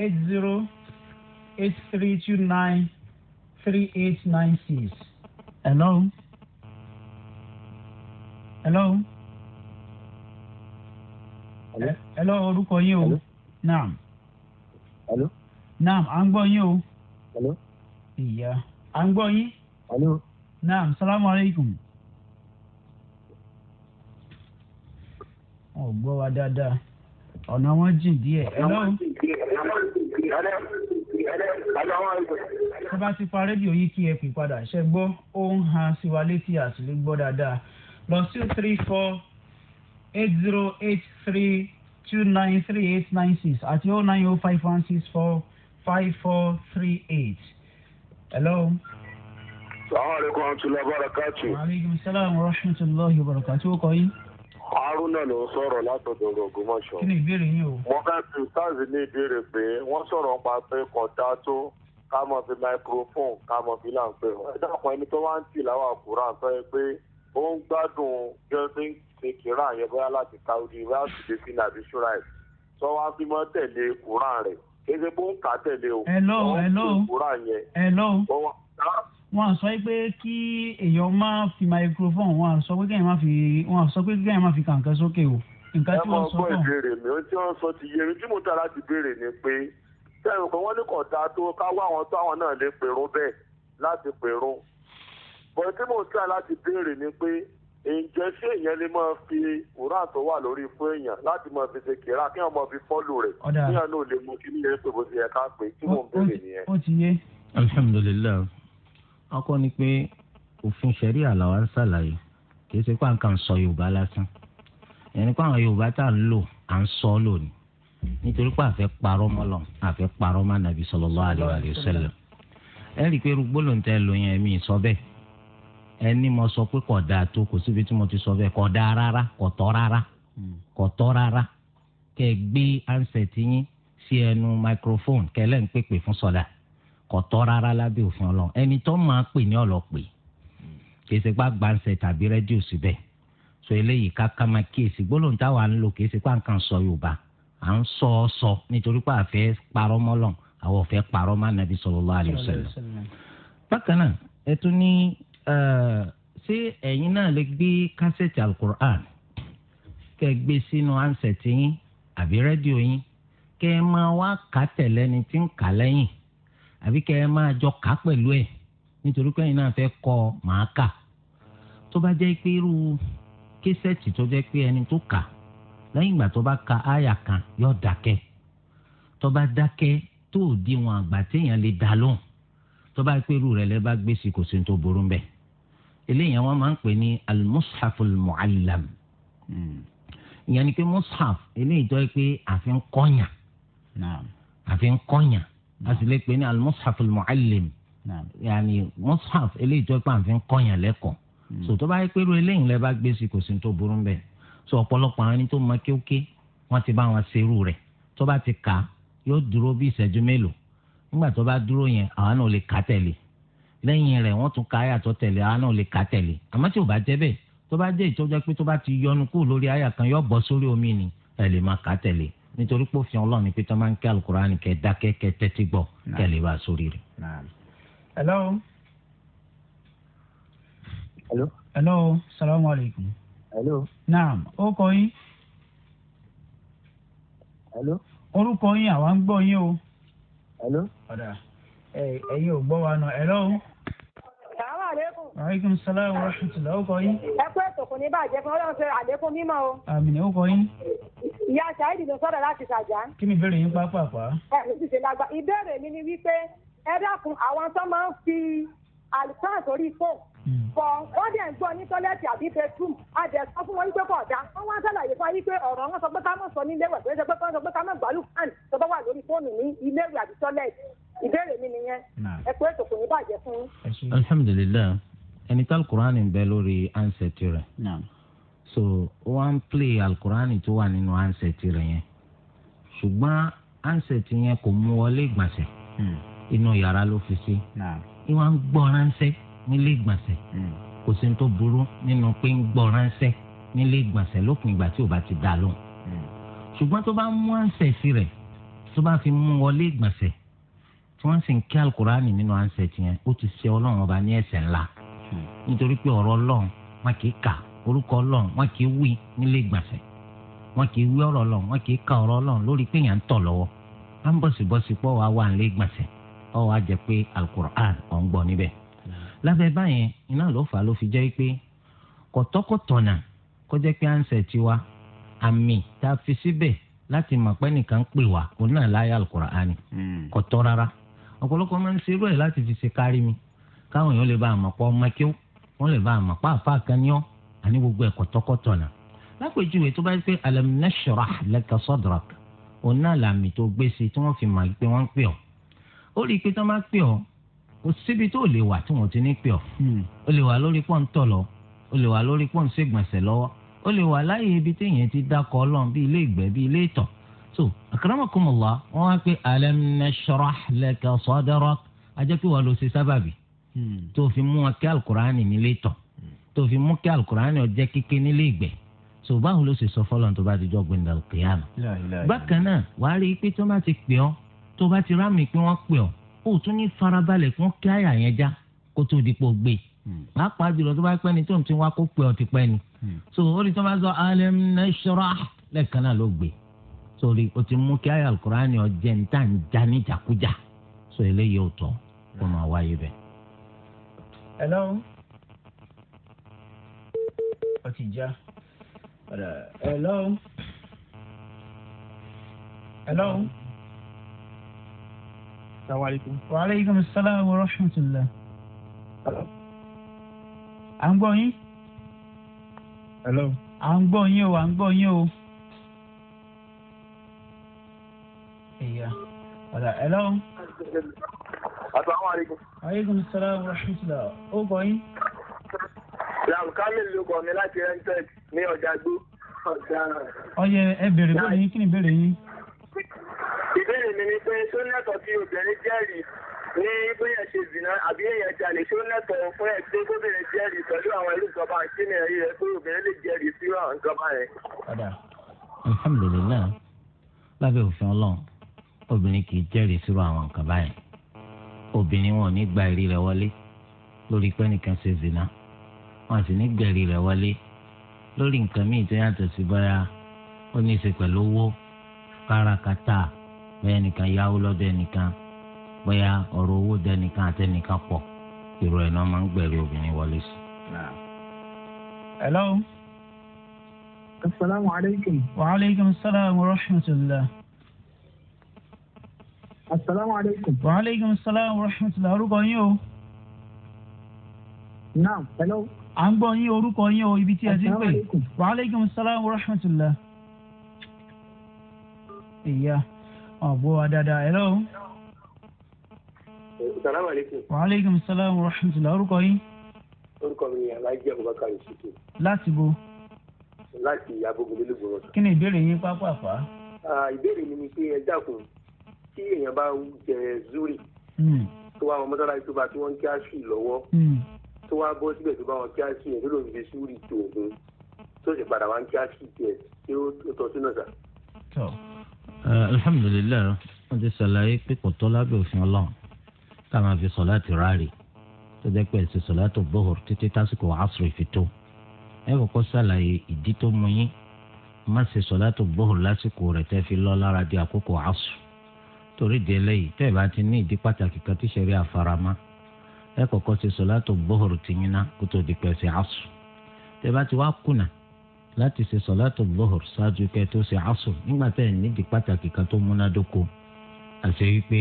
eight zero eight three two nine three eight nine six. hello. hello. hello. orúkọ yín o. naam. naam à ń gbọ́ yín o. ìyá à ń gbọ́ yín. hello? hello? hello? naam salamu aleykum. wọn ò gbọ́ wa dáadáa ọ̀nà wọn jìn díẹ̀. tó bá ti pa rédíò yìí kí ẹ pè padà ṣe gbọ́ ó ń han sí wa létí àtìlé gbọ́ dáadáa lọ sí three four eight zero eight three two nine three eight nine six àti oh nine oh five one six four five four three eight. hello? sàmàlẹ́kùn àtúntò abárakàtù. aleykum salaam wa rahmatulahi wa barakatu ó kọ yín. haruna ló ń sọ̀rọ̀ látọ̀dọ̀ Ògbómọ̀ṣọ́. kí ni ìbéèrè yín o. mo ká sí sars ní ìbéèrè pé wọ́n sọ̀rọ̀ pa pé kọ̀tà tó ká mọ̀ fi microphone ká mọ̀ fi láǹpẹ̀. ẹ dákun ẹni tó wá ń tì láwọn àkùrà sọ pé ó ń gbádùn jẹ́sìn ṣe kìrà yẹn bóyá láti Saudi láti dé sí nàbíṣúra ẹ̀ sọ wá fi mọ́ tẹ̀lé kùrà rẹ̀ kéde bó ń kà tẹ̀lé o. ẹ lọ́wọ́ wọn à sọ pé kí èèyàn má fi microphone wọn à sọ pé kéèyàn má fi wọn à sọ pé kéèyàn má fi kàǹkà sókè o nǹkan tí wọ́n sọ náà. ẹ máa gbọ́ ìbéèrè mi ohun tí wọ́n sọ ti yé tí mo tara ti béèrè ni pé sẹ́yìn pé wọ́n ní kàn dáa tó káwọ́ àwọn tó àwọn náà lè pèrún bẹ́ẹ̀ láti pèrún bọ́n tí mo tà láti béèrè ni pé ǹjẹ́ ṣé èèyàn lè máa fi wúràn tó wà lórí fún èèyàn láti máa fi ṣe kìlá kí wọ́n máa fi fọ́lù rẹ̀ kí wọ́n náà lè mú kí ní ẹ̀ pé bó ti yẹ ká pé tí mò ń béèrè nìyẹn. alhamdulilayi ọkọ ni pé òfin ṣẹ̀rí àlàwà ń ṣàlàyé kì í ṣe pé à ń kàn sọ yorùbá lásán ẹni pé àwọn yorùbá tá à ń lò à ń sọ lónìí nítorí pé àfẹ́ parọ́ mọ́lọ̀ àfẹ́ parọ́ má nàbí sallallahu alaihi wa sallam ẹ rí i pé irú gbólóhùn tẹ́ lò yẹn mi sọ bẹ́ẹ̀ ẹni mo sọ pé kò dáa tó kò síbi tí mo ti sọ bẹ́ẹ̀ kò dáa rárá kò tọ́ rárá kò tọ́ rárá kẹ́ ẹ gbé ansẹ̀tì yín sí ẹnu microphone kẹ́ ẹ pèpè fún sọ́dà kò tọ́ rárá lábẹ́ òfin ọlọ́run ẹni tó máa pè ní ọ̀lọ́pẹ̀ kì í ṣe pá gbàǹsẹ̀ tàbí rédíò síbẹ̀ so eléyìí káká máa kíyèsí gbólóhùn táwa ń lò kì í ṣe pá nǹkan sọ yorùbá à ń sọ ọ sọ nítorí pé àfẹ́ parọ́ mọ́lọ́n àwọn ọ̀fẹ́ parọ́ má nàbí sallallahu alaihi wasallam bákan náà ẹ tún ní ṣé ẹ̀yin náà lè gbé kásẹ̀tì alukur'an kẹ́ ẹ gbé sínú ansẹ̀tì yín àbí rédíò yín kẹ́ ẹ máa wá kà tẹ̀lẹ́ni tí ń kà lẹ́yìn àbí kẹ́ ẹ máa jọ kà pẹ̀lú ẹ̀ nítorí pé ẹ̀yin náà fẹ́ kọ́ màá kà tó bá jẹ́ pé irú késẹ̀tì tó jẹ́ pé ẹni tó kà lẹ́yìn ìgbà tó bá ka àyà kan yóò dákẹ́ tó bá dákẹ́ tó di wọn àgbà téèyàn lè dá lóhùn tó bá pé irú rẹ̀ lẹ́ bá gbé sí kò sí tó burú mbẹ́ eléyìí wọn máa ń pè ní almushaful mu'allam hmm. ìyẹn ni pé mushaf eléyìí tó yẹ pé àfi ń kọ́nyà àfi ń kọ́nyà a sì lè pè ní al-mushaf al-muallim yaani mushaf eléyìí tó pàǹfin kọ́yàn lẹ́kọ̀ọ́ hmm. so tó bá yẹ pé irú eléyìí lẹ́ bá gbé sí kò sí tó burú bẹ́ẹ̀ so ọ̀pọ̀lọpọ̀ àwọn ẹni tó mọ kéwké wọ́n ti bá wọn ṣerú rẹ̀ tó bá ti kà yóò dúró bí ìṣẹ́jú mélòó nígbà tó bá dúró yẹn àwọn náà lè kà tẹ̀lé lẹ́yìn rẹ̀ wọ́n tún ka àyà tẹ̀lé àwọn náà lè kà tẹ̀lé àmọ́ tí ò bá jẹ́ bẹ́ẹ̀ tó bá jẹ́ ìtọ́jú pé tó bá ti yọnu kúrò lórí àyà kan yóò bọ́ sórí omi ni ẹ̀ lè máa kà tẹ̀lé nítorí pé òfin ọlọ́run pé tó máa ń kí alukur'an kẹ dákẹ́ kẹ tẹ́tí gbọ́ kẹ lè bá a sórí rẹ̀. hello. hello. hello salamu alaykum. hello. naam ó kọ yín. hello. orúkọ yín àwa ń gbọ́ yín o. hello. ọ̀dà ẹ̀yin ò gbọ́ wa náà hello. hello? aleykum salaam wa rahmatulah ó kọ yín. ẹ kú ètò kò ní bàjẹ́ fún ọlọ́run ṣe àlékún mímọ́ o. àmín ó kọ yín. ìyá ṣáìdì ló sọ̀rọ̀ láti ṣàjà. kí ni ìbéèrè yín pàápàá. ẹ ló ti ṣe lágbá ìbéèrè mi ni wípé ẹ dákun àwọn tó máa ń fi àlùfáà sórí fóònù hmm. bọ̀ wọ́n dẹ̀ ń gbọ́ ní tọ́lẹ́tì àbí bedroom àdẹ̀ sọ fún wọn wípé kò dá wọ́n wá sàlàyé fún wa wípé ọ̀rọ̀ wọn sọ pé ká mọ̀ sọ ní iléèwé pé sọ pé kọ́ sọ pé ká mọ̀ gbàlù tó bá wà lórí fóònù ní iléèwé àbí tọ́lẹ́tì ìbéèrè mi nìyẹn ẹ pé ètò kò ní bàjẹ́ fún alhamdulilayi ẹni tí alukur'ani ń bẹ lórí ansẹ̀tì rẹ̀ so wọ́n play plé alukur'ani tó wà nínú ansẹ̀tì rẹ̀ yẹn ṣùgbọ́n ansẹ̀tì yẹn kò mú wọlé ìgbọ̀nsẹ̀ hmm. inú yàrá ló fi sí ìwọ̀n ń gbọ́ ránṣẹ́ nílé ìgbọ̀nsẹ̀ hmm. kò sí tó burú nínú pé ń gbọ́ ránṣẹ́ nílé ìgbọ̀nsẹ̀ lópin ìgbà tí ò bá ti dá lóhùn hmm. ṣùgbọ́n tó bá mú ansẹ̀tì rẹ̀ tó bá fi mú wọlé ìgbọ̀nsẹ̀ tí wọ́n sì ń kí alukur'ani nínú ansẹ̀tì yẹn ó ti ṣe ọlọ́run ọba ní ẹ̀ṣẹ̀ ńlá. Hmm. nítorí pé ọ̀rọ̀ ọlọ́run wọn kì í kà orúkọ ọlọ́run wọn kì í wí nílé ìgbàsẹ̀ wọn kì í wí ọ̀rọ̀ ọlọ́run wọn kì í ọ̀rọ̀ ọlọ́run lórí pé yàn ń tọ̀ lọ́wọ́ à ń pọ̀ wá wà nílé ìgbàsẹ̀ ọ̀ wá pé alukur'an ń gbọ́ níbẹ̀. lábẹ́ báyẹn iná ló fà ló fi jẹ́ pé kọ̀tọ́kọ̀tọ̀nà kó jẹ́ pé a fi síbẹ̀ mi káwọn èèyàn lè bá àmọ̀ pọ̀ ọmọkéw wọ́n lè bá àmọ̀ pọ̀ àfa àkànníọ́ àní gbogbo ẹ̀kọ́ tọkọ́tọ̀ náà. lápèjúwe tó bá yẹ pé alam nashrah laka sadrak òun náà làmì tó gbèsè tí wọ́n fi mọ̀ pé wọ́n ń pè ọ́ ó rí i pé tó máa pè ọ́ kò síbi tó lè wà tí wọ́n ti ní pè ọ́ hmm. ó lè wà lórí pọ́ńtọ̀ lọ ó lè wà lórí pọ́ńṣẹ́gbọ̀nsẹ̀ lọ́wọ́ ó lè wà láyé ibi téèyàn ti dákọ̀ ọlọ́run bíi ilé ìgbẹ́ bíi ilé ìtọ̀ so akramakumullah wọn wá pé alam nashrah laka sadrak ajẹ́ pé wọ́n sábàbí tó fi mú akẹ́ alukur'ani nílé tọ̀ tó fi mú kí alukur'ani hmm. ọjẹ́ kíké nílé ìgbẹ́ so báwo ló ṣe sọ fọlọ́n tó bá ti jọ gbẹ̀ndà kìyàmù. bákan náà wàá rí i pé tó bá ti pè ọ́ tó bá ti rámì pé wọ́n pè ọ́ ó tún ní farabalẹ̀ fún kí àyà yẹn já kó tó di pò gbé hmm. pàápàá jùlọ tó bá pẹ́ ni tó ń ti wá kó pè ọ́ ti pẹ́ ni hmm. so ó ní tó bá sọ alam nashrah lẹ́ẹ̀kan náà ló gbé sórí o ti mú kí àyà alukur'ani ọjẹ́ níta ń já níjàkújà so eléyìí ò tọ́ kó máa wáyé bẹ́ẹ̀. Hello. Ó ti já. Hello. Hello. Salaamaleykum. Wa aleykum salaam wa Hello. I'm going. Hello. i À ń gbọ́ yín o, à ń gbọ́ yín o. Ìyá. Hello. asalaamualeykum. aleykum salaam wa rahmatulah. ó kọ yín. ram kamil ló kọ mi láti mtech ní ọjà gbó. ọyẹ ẹ bèrè bóyá yín kí ni ìbéèrè yín. ìbéèrè mi ni pé ṣó lẹ́tọ̀ọ́ kí obìnrin jẹ́rìí ní bóyá ṣe zìnà àbí èèyàn jalè ṣó lẹ́tọ̀ọ́ fún ẹ̀ pé kóbìnrin jẹ́rìí pẹ̀lú àwọn ìlú ìjọba àti ìrìn rẹ̀ pé obìnrin lè jẹ́rìí sí àwọn ìjọba rẹ̀. alhamdulilayi lábẹ́ òfin ọlọ́run obìnrin kì í jẹ́rìí sírò àwọn nǹkan báyìí obìnrin wọn ò ní gba ẹ̀rí rẹ̀ wọlé lórí pé nìkan ṣe zina wọn sì ní gbẹ̀rí rẹ̀ wọlé lórí nǹkan míì tó yàtọ̀ sí báyà ó ní í ṣe pẹ̀lú owó káràkátà bẹ́ẹ̀ nìkan yáwó lọ́dọ̀ ẹnìkan bóyá ọ̀rọ̀ owó dẹnìkan àtẹnìkan pọ̀ ìrọ̀ ẹ̀ náà máa ń gbẹ̀rí obìnrin wọlé sí. hello. asalaamualeykum. wa aleykum salaam wa rahmatulah asalaamualeykum. wa aleykum salaam wa rahmatulah orúkọ yín o. naam hello. à ń gbọ́ yín orúkọ yín o ibi tí ẹ ti ń pè. wa aleykum salaam wa rahmatulah. ìyá ọ̀bọ̀ wa dáadáa hello. salaamualeykum. wa aleykum salaam wa rahmatulah orúkọ yín. orúkọ mi ni alájí abubakar yusufu. láti bo. láti abogunlélégbòrò. kí ni ìbéèrè yín pápá pa. ìbéèrè mi ni pé ẹ dákun tí èèyàn bá ń jẹ zuri hmm. tó wá àwọn mọ́tàlá tó bá tí wọ́n ń kí aṣù lọ́wọ́ hmm. tó wá bọ́ síbẹ̀ tó bá wọn kí aṣù yẹn tó lòun fi zuri tó ògùn tó sì padà wá ń kí aṣù tiẹ̀ tí ó tọ́ sínú ọ̀sà. Eh, alhamdulilayi wọn ti ṣàlàyé pé kò tọ́ lábẹ́ òfin ọlọ́run ká máa fi sọ̀lá ti ráàlì tó jẹ́ pé ẹ̀sìn sọ̀lá tó bọ́ọ̀rù títí tásìkò àásùrù ìfitó ẹ kọ́kọ́ ṣàlàyé ìdí tó mú yín má ṣe sọ̀lá tó bọ́ọ̀rù lásìkò rẹ̀ tẹ́ fi lọ́ lára di àkókò àásùrù torí di eléyìí tẹ́ ẹ̀ bá ti ní ìdí pàtàkì kan tí sẹ́rí àfarama ẹ kọ́kọ́ ṣe sọ̀látò bọ́ọ̀rù ti yín náà kó tó di pẹ̀sẹ̀ àṣù tẹ́ bá ti wá kùnà láti ṣe sọ̀látò bọ́ọ̀rù ṣáájú kẹ́ tó ṣe àṣù nígbà tẹ́ ẹ̀ ní ìdí pàtàkì kan tó múnádóko àṣẹ wípé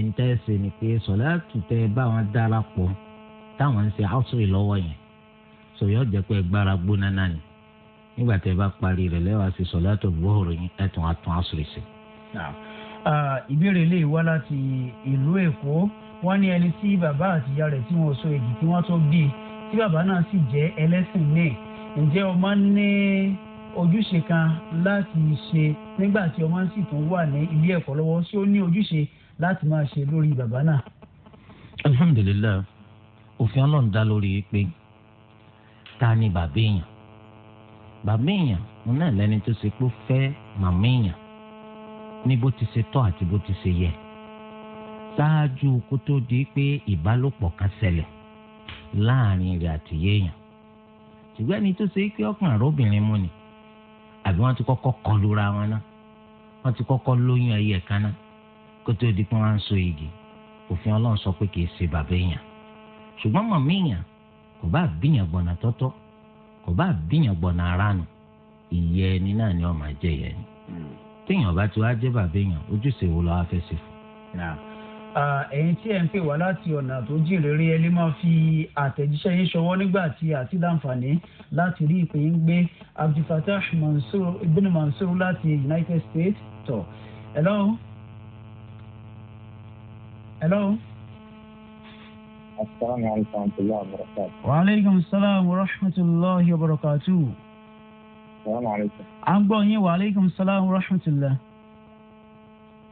ìǹtẹ́sì ni pé sọ̀látò tẹ́ bá wọn darapọ̀ táwọn ń ṣe àṣù lọ́wọ́ yẹn sọ̀yọ́ jẹ́ pé gbára gbóná ìbéèrè lè wá láti ìlú èkó wọ́n ní ẹni tí bàbá àti ìyá rẹ̀ tí wọ́n so èjì tí wọ́n tó bí tí bàbá náà sì jẹ́ ẹlẹ́sìn náà ǹjẹ́ ọmọ ní ojúṣe kan láti ṣe nígbà tí ọmọ sì tún wà ní ilé ẹ̀kọ́ lọ́wọ́ ṣé ó ní ojúṣe láti máa ṣe lórí bàbá náà. alhamdulilayi òfin ọlọ́run dá lórí pé ta ni bàbá èèyàn bàbá èèyàn náà lẹni tó ṣe pé ó fẹ́ màmá èèyàn ní bó ti ṣe tọ́ àti bó ti ṣe yẹ ṣáájú kó tó di pé ìbálòpọ̀ kan ṣẹlẹ̀ láàrin rẹ̀ àti yéèyàn ṣùgbọ́n ẹni tó ṣe pé ọkàn ni àbí wọ́n ti kọ́kọ́ kọlura wọn náà wọ́n ti kọ́kọ́ lóyún ẹyẹ kan náà kó tó di pé wọ́n á ń so igi òfin ọlọ́run sọ pé kìí ṣe bàbá èèyàn ṣùgbọ́n màmí èèyàn kò bá bíyàn gbọ̀nà tọ́tọ́ kò bá bíyàn gbọ̀nà aránu ìyẹ́ ẹni náà ni téèyàn bá ti wá jẹ́ bàbá èèyàn ojúṣe wo lọ́wọ́ fẹ́ ṣe fún. ẹ̀yin tí ẹ̀ ń pè wá láti ọ̀nà tó jìn rere ẹ lè máa fi àtẹ̀jíṣẹ́ yín ṣọwọ́ nígbà tí àti láǹfààní láti rí ìpè yín gbé abdulfatah mansour ibn mansour láti united states tọ̀ hello. hello. asalaamualeykum wa rahmatulahi wa barakatuh. wa aleykum salaam wa rahmatulahi Assalamu alaikum. à ń gbọ́ yín wa aleykum salaam wa rahmatulah.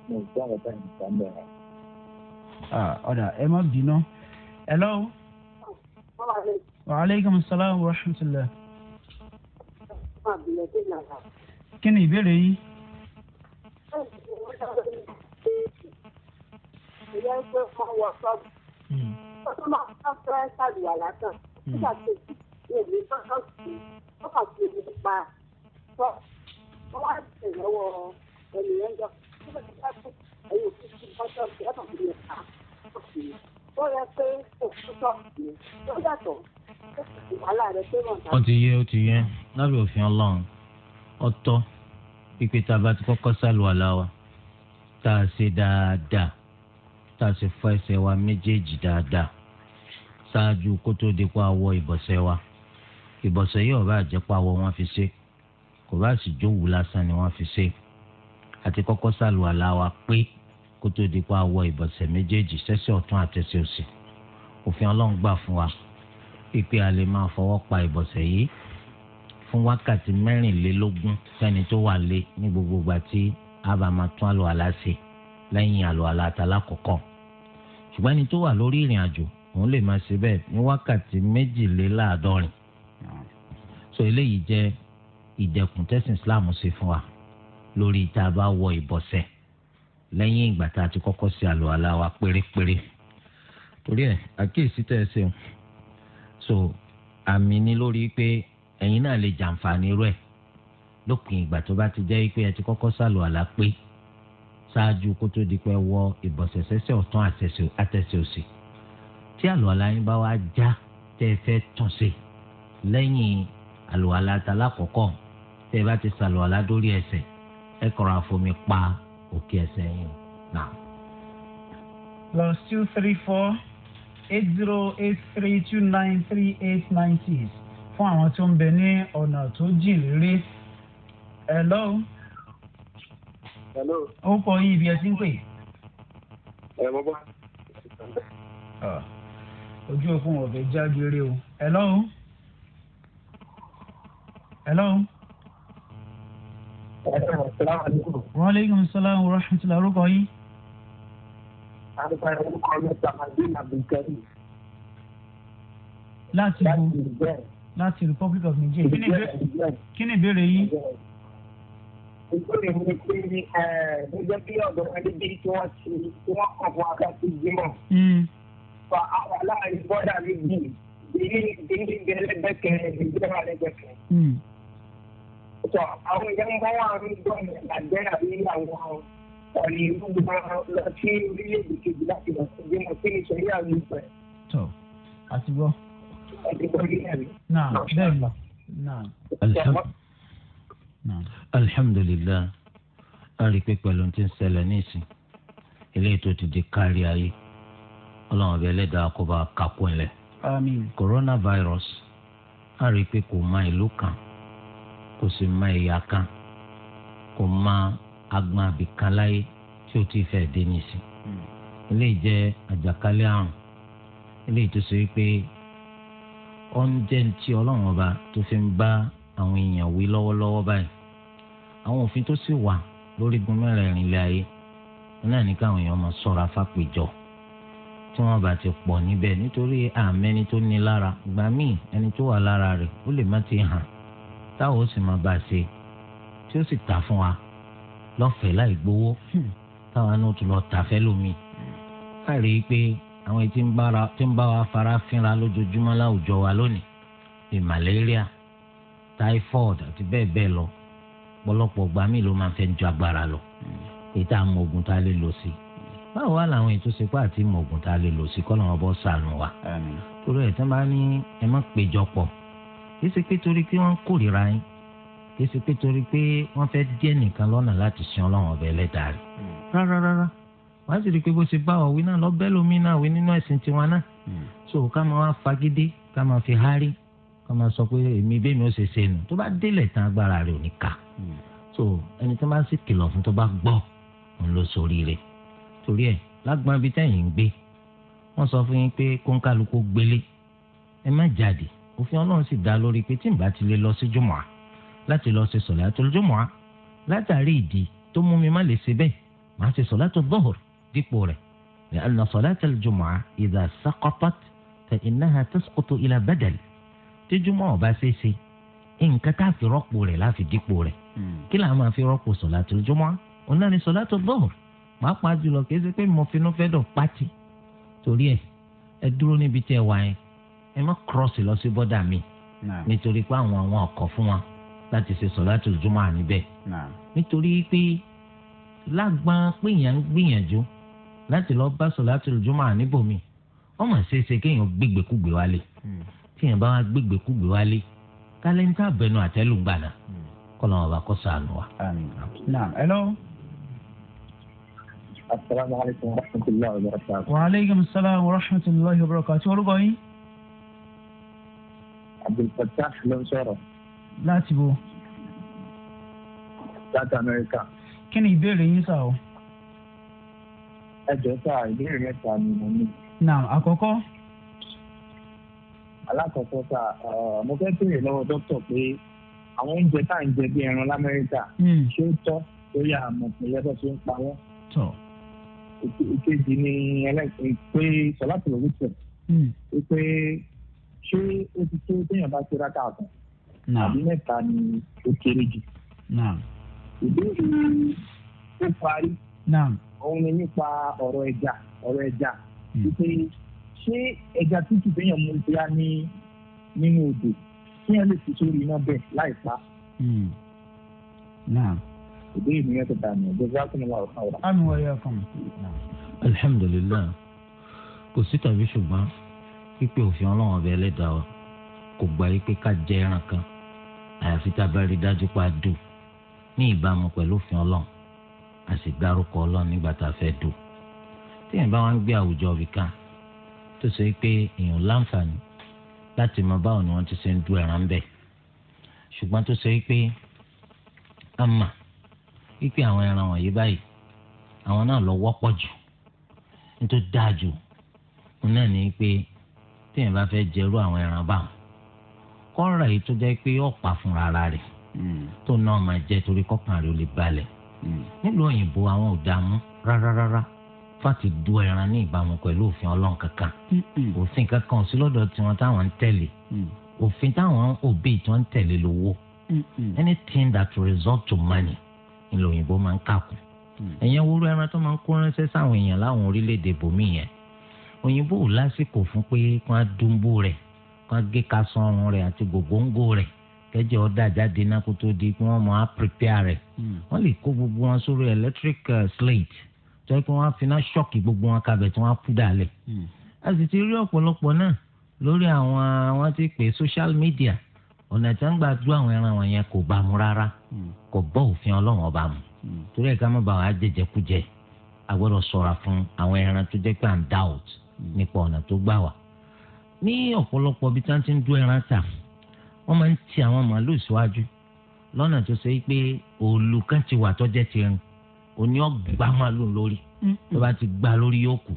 mo gbọ́ àwọn bẹ́ẹ̀ ní sàmbẹ̀ rẹ̀. ọ̀dà ẹ má bínú. hello. wa aleykum salaam wa rahmatulah. kí ni ìbéèrè yìí. Hmm. Hmm. ìyá ń pẹ́ fún àwọn sọ́ọ̀bù. ọ̀sán máa ń fẹ́ ṣàlùwà látàn. nígbà tó ìyẹn ní bá ọ̀sán ó kà sí ibi pa gbọ́ wọ́n wá sí lọ́wọ́ ènìyàn jọ nígbà tí wọ́n bá ẹ̀yìn òfin ti bá ṣọ́ọ̀ṣì yàtọ̀ sí ká òsì yẹ pé òfin ṣọ́ọ̀ṣì tó wàhálà rẹ̀ pé wọ́n. ó ti yé ó ti yé lábẹ́ òfin ọlọ́run ọtọ́ pípé tá a bá ti kọ́kọ́ sálùwàlá wa tá a ṣe dáadáa tá a ṣe fọ ẹsẹ̀ wa méjèèjì dáadáa ṣáájú kó tó di pa àwọ̀ ìbọ̀sẹ̀ wa ìbọ̀sẹ̀ yìí ọ̀bá àjẹpá àwọ̀ wọn fi ṣe kò bá sì jówù lásán ni wọ́n fi ṣe àti kọ́kọ́ sàlùwàlá wa pé kó tó di pa àwọ̀ ìbọ̀sẹ̀ méjèèjì sẹ́sẹ̀ ọ̀tún àtẹsẹ̀ òsì òfin ọlọ́run gbà fún wa pípé a lè máa fọwọ́ pa ìbọ̀sẹ̀ yìí fún wákàtí mẹ́rìnlélógún fẹ́ni tó wà lé ní gbogbo ìgbà tí a bá máa tún àlùwàlá ṣe lẹ́yìn àlùwàlá àtàlákọ̀ọ́kọ́ ṣùgbọ́n ẹni tó wà lórí ìrìn àjò òun lè máa ṣe bẹ́ẹ̀ ní wákàtí méjìléláàádọ́rin so eléyìí jẹ́ ìdẹ̀kùn tẹ́sìn islam ṣe fún wa lórí tá a bá wọ ìbọ̀sẹ̀ lẹ́yìn ìgbà tá a ti kọ́kọ́ ṣe àlùwàlá wa pérépéré torí ẹ̀ àkíyèsí tẹ́ ẹ ṣeun so àmì ni lórí pé ẹ̀yin náà lè jàǹfààní rẹ̀ lópin ìgbà tó bá ti jẹ́ pé ẹ ti kọ́kọ́ ṣàlùwàlá pé ṣáájú kó tó di pé wọ ìbọ̀sẹ̀ sẹ́sẹ̀ ọ̀tún àtẹ̀sẹ̀ òsì tí àlùwàlá yín bá wá já tẹ́ ẹ fẹ́ tún ṣe lẹ́yìn àlùwàlá talákọ̀ọ́kọ́ tẹ́ ẹ bá ti sàlùwàlá dórí ẹsẹ̀ ẹ kọ̀rọ̀ àfomi pa òkè ẹsẹ̀ yìí náà. plus two three four eight zero eight three two nine three eight nine fún àwọn tó ń bẹ ní ọ̀nà tó jìn rírí. hello. hello. ó kọ yín ibi ẹ ti ń pè. ẹ mo bá. ojú òfin ọ̀bẹ jágere o. hello. hello. hello? wọ́n aleykum salaam wa rahmatulah orúkọ yín. àgbà orúkọ mi sàmàdín abdulkareem. láti wo láti Republic of Niger kí ni ìbéèrè yín. ìbéèrè mi pé ní eh, mo jẹ́ kí ọ̀dọ́ adébíyí tí wọ́n ti tí wọ́n kàn fún akáàtì jimọ̀. Hmm. fa àwọn aláàrin bọ́dà mi bì í ìdílé ìdílé ìgbẹ́lẹ́gbẹ́kẹ́ ìdílé ìgbẹ́lẹ́gbẹ́kẹ́ sọ àwọn ìyẹn bá wà ní ìgbọ́n àgbẹ̀ àbí àwọn ọ̀nì ìlú máa lọ sí orílẹ̀-èdè kejì láti lọ sí ìgbìmọ̀ sí ìṣẹ̀lẹ̀ àwọn ìgbẹ́. tọ àti gbọ́. ẹ̀sìn kọ́ ní ẹ̀rí. náà bẹ́ẹ̀ lọ. alhamdulilayi a rí i pé pẹ̀lú ti ń ṣẹlẹ̀ ní ìsìn eléyìí tó ti di kárí ayé ọlọ́run ọbẹ̀ ẹlẹ́dàá kó bá kakún ilẹ̀. coronavirus a kò mọ ìlú kan kò sì mọ ẹ̀yà kan kò mọ agbọn àbí kan láyé tí ó ti fẹ́ dé nìsín. ilé jẹ́ àjàkálẹ̀ àrùn ilé tó ṣe wípé ó ń jẹ́ ti ọlọ́run ọba tó fi ń bá àwọn èèyàn wí lọ́wọ́lọ́wọ́ báyìí àwọn òfin tó sì wà lórí gun mẹ́rẹ̀ẹ̀rin ilé ayé náà ní káwọn èèyàn máa ṣọ́ra fápéjọ tí wọ́n bá ti pọ̀ níbẹ̀ nítorí àmẹ́ni tó ní lára gbà ẹni tó wà lára rẹ̀ ó lè má ti hàn táwọn ó sì máa bá a ṣe tí ó sì tà fún wa lọ́fẹ̀ẹ́ láì gbowó hmm. táwọn náà tún lọ tà fẹ́ lómi káàrí pé àwọn tí ń bá wa fara fínra lójoojúmọ́ láwùjọ wa lónìí bíi malaria typhoid àti bẹ́ẹ̀ bẹ́ẹ̀ lọ pọ̀lọpọ̀ gba mí ló máa fẹ́ ju agbára lọ hmm. èyí tá a mọ oògùn tá a lè lò sí báwo wá làwọn ètò ìsìnkú àti mọ oògùn tá a lè lò sí kọ́ làwọn bọ́ sànù wa torí ẹ̀ tí wọ́n bá ní ẹ má péjọ pọ̀ kì í ṣe pé torí pé wọ́n kórìíra yín kì í ṣe pé torí pé wọ́n fẹ́ díẹ̀ nìkan lọ́nà láti sin ọlọ́run ọbẹ̀ ẹlẹ́dàá rẹ̀ rárá rárá wọ́n á sì rí i pé bó ṣe bá ọ̀wí náà lọ́bẹ̀ lómi náà wí nínú ẹ̀sìn tiwọn náà hmm. so ká máa wá fagídé ká máa fi hárí ká máa sọ pé èmi bẹ́ẹ̀ mi ò ṣe ṣe nù tó bá délẹ̀ tán agbára rẹ̀ ò ní ká hmm. so ẹni tó bá sì kìlọ̀ fún tó bá gbọ́ òun ló ṣoríire torí ẹ̀ lágbọ́n ibi tẹ́yìn ń gbé wọ́n sọ fún yín pé kóńkálukú gbélé ẹ má jáde òfin ọlọ́run sì dá lórí pé tí n bá ti lè lọ sí jùmọ̀á láti lọ ṣe sọ̀látul jùmọ̀á látàrí ìdí tó mú mi má lè ṣe bẹ́ẹ̀ màá ṣe sọ̀látul duhur dípò rẹ̀ ní anna sọ̀látul jùmọ̀á idha saqatat fa innaha tasqutu ila badal tí jùmọ̀ ọ̀bá ṣe ṣe nǹkan tá a fi rọ́pò rẹ̀ láfi dípò rẹ̀ hmm. kí làá máa fi rọ́pò sọ̀látul jùmọ̀á òun náà ni sọ̀látul duhur pàápàá jùlọ kì í ṣe pé mo finú fẹ́ dọ̀ pátì torí ẹ̀ ẹ dúró níbi tí ẹ wà yẹn ẹ má kírọ́ọ̀sì lọ sí bọ́dà mi nítorí pé àwọn àwọn ọkọ̀ fún wa láti ṣe sọ̀láàtù júmọ̀ níbẹ̀ nítorí pé lágbọ́n péyàn ń gbìyànjú láti lọ bá sọ̀láàtù júmọ̀ níbòmí wọ́n mọ̀ ṣe é ṣe kéèyàn gbégbèkúgbè wálé hmm. tíyàn bá wá gbégbèkúgbè wálé kálẹ́ńtà bẹnu àtẹ́lùgbànà hmm. kọ́nà ọba kó sànù wa. hello. asalaamualeykum wa rahmatulahi wa barakatuh. wa aleykum salaam wa rahmatulahi abdulfatah ló ń sọ̀rọ̀. láti wo. láti amẹ́ríkà. kí ni ìbéèrè yín sà o. ẹ jọ̀ọ́ sà ìbéèrè mẹ́ta ni mo ní. nà àkọ́kọ́. alákọ̀ọ́kọ́ sà mo fẹ́ béèrè lọ́wọ́ dókítà pé àwọn oúnjẹ tá à ń jẹ bí ẹran lamẹ́ríkà hmm. ṣé ó tọ́ lórí àmọ̀ ìpínlẹ̀ bó ṣe ń pa wọ́n. ìkejì ni ẹlẹ́sìn pé sọlá tó lórí tẹ̀ pé ṣé o ti tó téèyàn bá ti rákà kan àbí mẹ́ta ni ó kéré jù. ìbéèrè ó parí òun ni nípa ọ̀rọ̀ ẹja ọ̀rọ̀ ẹja hmm. wípé ṣé ẹja tútù téèyàn mú bíá ní nínú odò téèyàn lè fi sórí iná bẹ́ẹ̀ láì pa. Hmm. ìbéèrè mi yẹn ti dà mí ọjọ́ ìgbà tó ń wà ọ̀sán ọ̀rọ̀. alhamdulilayi kò sí tàbí ṣùgbọ́n pípé òfin ọlọ́run ọbẹ̀ ẹlẹ́dàá wa kò gbà yí pé ká jẹ ẹran kan àyàfi tá a bá rí dájú pé a dùn ní ìbámu pẹ̀lú òfin ọlọ́run a sì dárúkọ ọlọ́run nígbà tá a fẹ́ dùn téèyàn bá wá ń gbé àwùjọ ibì kan tó ṣe pé èèyàn láǹfààní láti mọ báwo ni wọ́n ti ṣe ń du ẹran ń bẹ̀ ṣùgbọ́n tó ṣe pé a mà wípé àwọn ẹran wọ̀nyí báyìí àwọn náà lọ wọ́pọ̀ jù nítorí dáa jù òun náà ní pé téèyàn bá fẹ́ jẹrú àwọn ẹran báwọn kọ́ra yìí tó jẹ́ pé ó pa fúnra ara rẹ̀ hmm. tó náà máa jẹ torí kọ́kàn rẹ̀ ó lè balẹ̀ hmm. nílùú òyìnbó àwọn ò dààmú rárárárá fati du ẹran ní ìbámu pẹ̀lú òfin ọlọ́run kankan hmm. òfin kankan ò sí lọ́dọ̀ tiwọn táwọn ń tẹ̀lé òfin táwọn òbí tí wọ́n ń tẹ̀lé lówó anything that result to money ìlú òyìnbó máa ń kàkùn ẹ̀yẹn wúrú ẹran tó máa ń kó ránṣẹ́ sáwọn èèyàn láwọn orílẹ̀-èdè bòmí yẹn òyìnbó ò lásìkò fún pé kán á dúnbó rẹ̀ kán á gé ka sọrun rẹ̀ àti gògóńgò rẹ̀ kẹjọ ọdà jáde náà kó tó di pé wọ́n mọ̀ prepare rẹ̀ hmm. wọ́n lè kó gbogbo wọn sórí electric uh, slate tó yẹ kí wọ́n á finá ṣọ́ọ̀kì gbogbo wọn kabẹ̀ tí wọ́n á kú dàlẹ̀ hmm. a sì ti rí ọ̀pọ̀lọpọ̀ náà lórí àwọn wọ́n ti pè social media ọ̀nà tí wọ́n gbà dú àwọn ẹran wọn yẹn kò bá mu rárá hmm. kò bọ́ òfin ọlọ́run ọba mu torí ẹ̀ ká má bàa jẹjẹkújẹ a gbọ́dọ̀ fún àwọn ẹran tó jẹ́ pé i'm doubt nípa ọ̀nà tó gbà wá. ní ọ̀pọ̀lọpọ̀ ibi tí wọ́n ti ń dú ẹran tà wọ́n máa ń ti àwọn màálùú síwájú lọ́nà tó ṣe pé òòlù kan ti wà tọ́jẹ́ ti rìn òní ọgbà màálùú lórí tó bá ti gbà lórí yóò kù.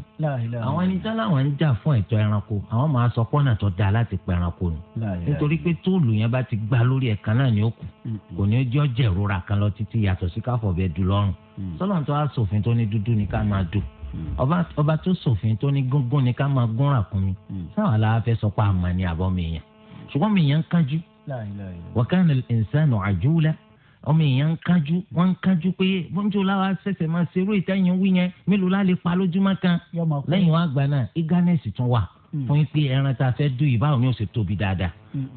àwọn ẹni tán láwọn ń jà fún ẹ̀tọ́ ẹranko àwọn máa sọ pọ́nà tó dáa láti pa ẹranko nù. nítorí pé tóòlù yẹn bá ti gbà lórí ẹ̀kan náà ni ó kù kò ní jọ́ jẹ̀rora kan lọ títí yàtọ̀ sí káfọ̀ bẹ́ẹ̀ dùn lọ́rùn. Mm. sọ́nà tó a ṣòfin tó ní dúdú ni ká máa dùn. Hmm. ọba tó ṣòfin tó ní gúngún ni ká máa gún ràkúnmí hmm. sáwọn aláwa fẹ́ sọ pé àmọ́ ni àbọ̀ mi yẹn ṣùgbọ́n mi yẹn ń kánjú wa kana al-insanu ajula ọmọ èèyàn ń kánjú wọ́n ń kánjú pé bọ́njú láwa ṣẹ̀ṣẹ̀ máa ṣerú ìtẹ́yìn wí yẹn mélòó la lè pa lójúmọ́ kan lẹ́yìn wá gbà náà iganẹ́sì tún wà hmm. fún pé ẹran tá a fẹ́ dùn yìí báwo ni ó ṣe tóbi dáadáa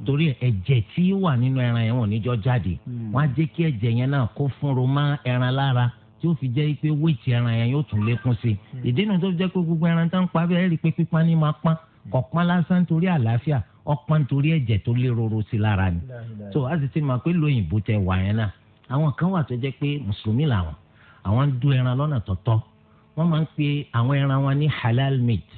torí ẹ̀jẹ̀ tí ó wà nínú ẹran yẹn wọ́n níjọ́ jáde wọ́n á jẹ́ kí ẹ̀jẹ̀ yẹn náà kó fúnro mọ́ ẹran lára tí ó fi jẹ́ pé wéètì ẹran yẹn yóò tún lékún sí i hmm. ìdí nu tó fi jẹ́ pé gbogbo ẹran tó ń pa bẹ́ẹ̀ rí i pé pípa ní máa pán hmm. kọ̀pán lásán torí àlàáfíà ọ̀pán nítorí ẹ̀jẹ̀ tó lé roro sí lára ni so a sì ti mọ̀ pé lóyìnbó tẹ wà yẹn náà àwọn kan wà tó jẹ́ pé mùsùlùmí làwọn àwọn ń du ẹran lọ́nà tọ́tọ́ wọ́n máa ń pe àwọn ẹran wọn ní halal meat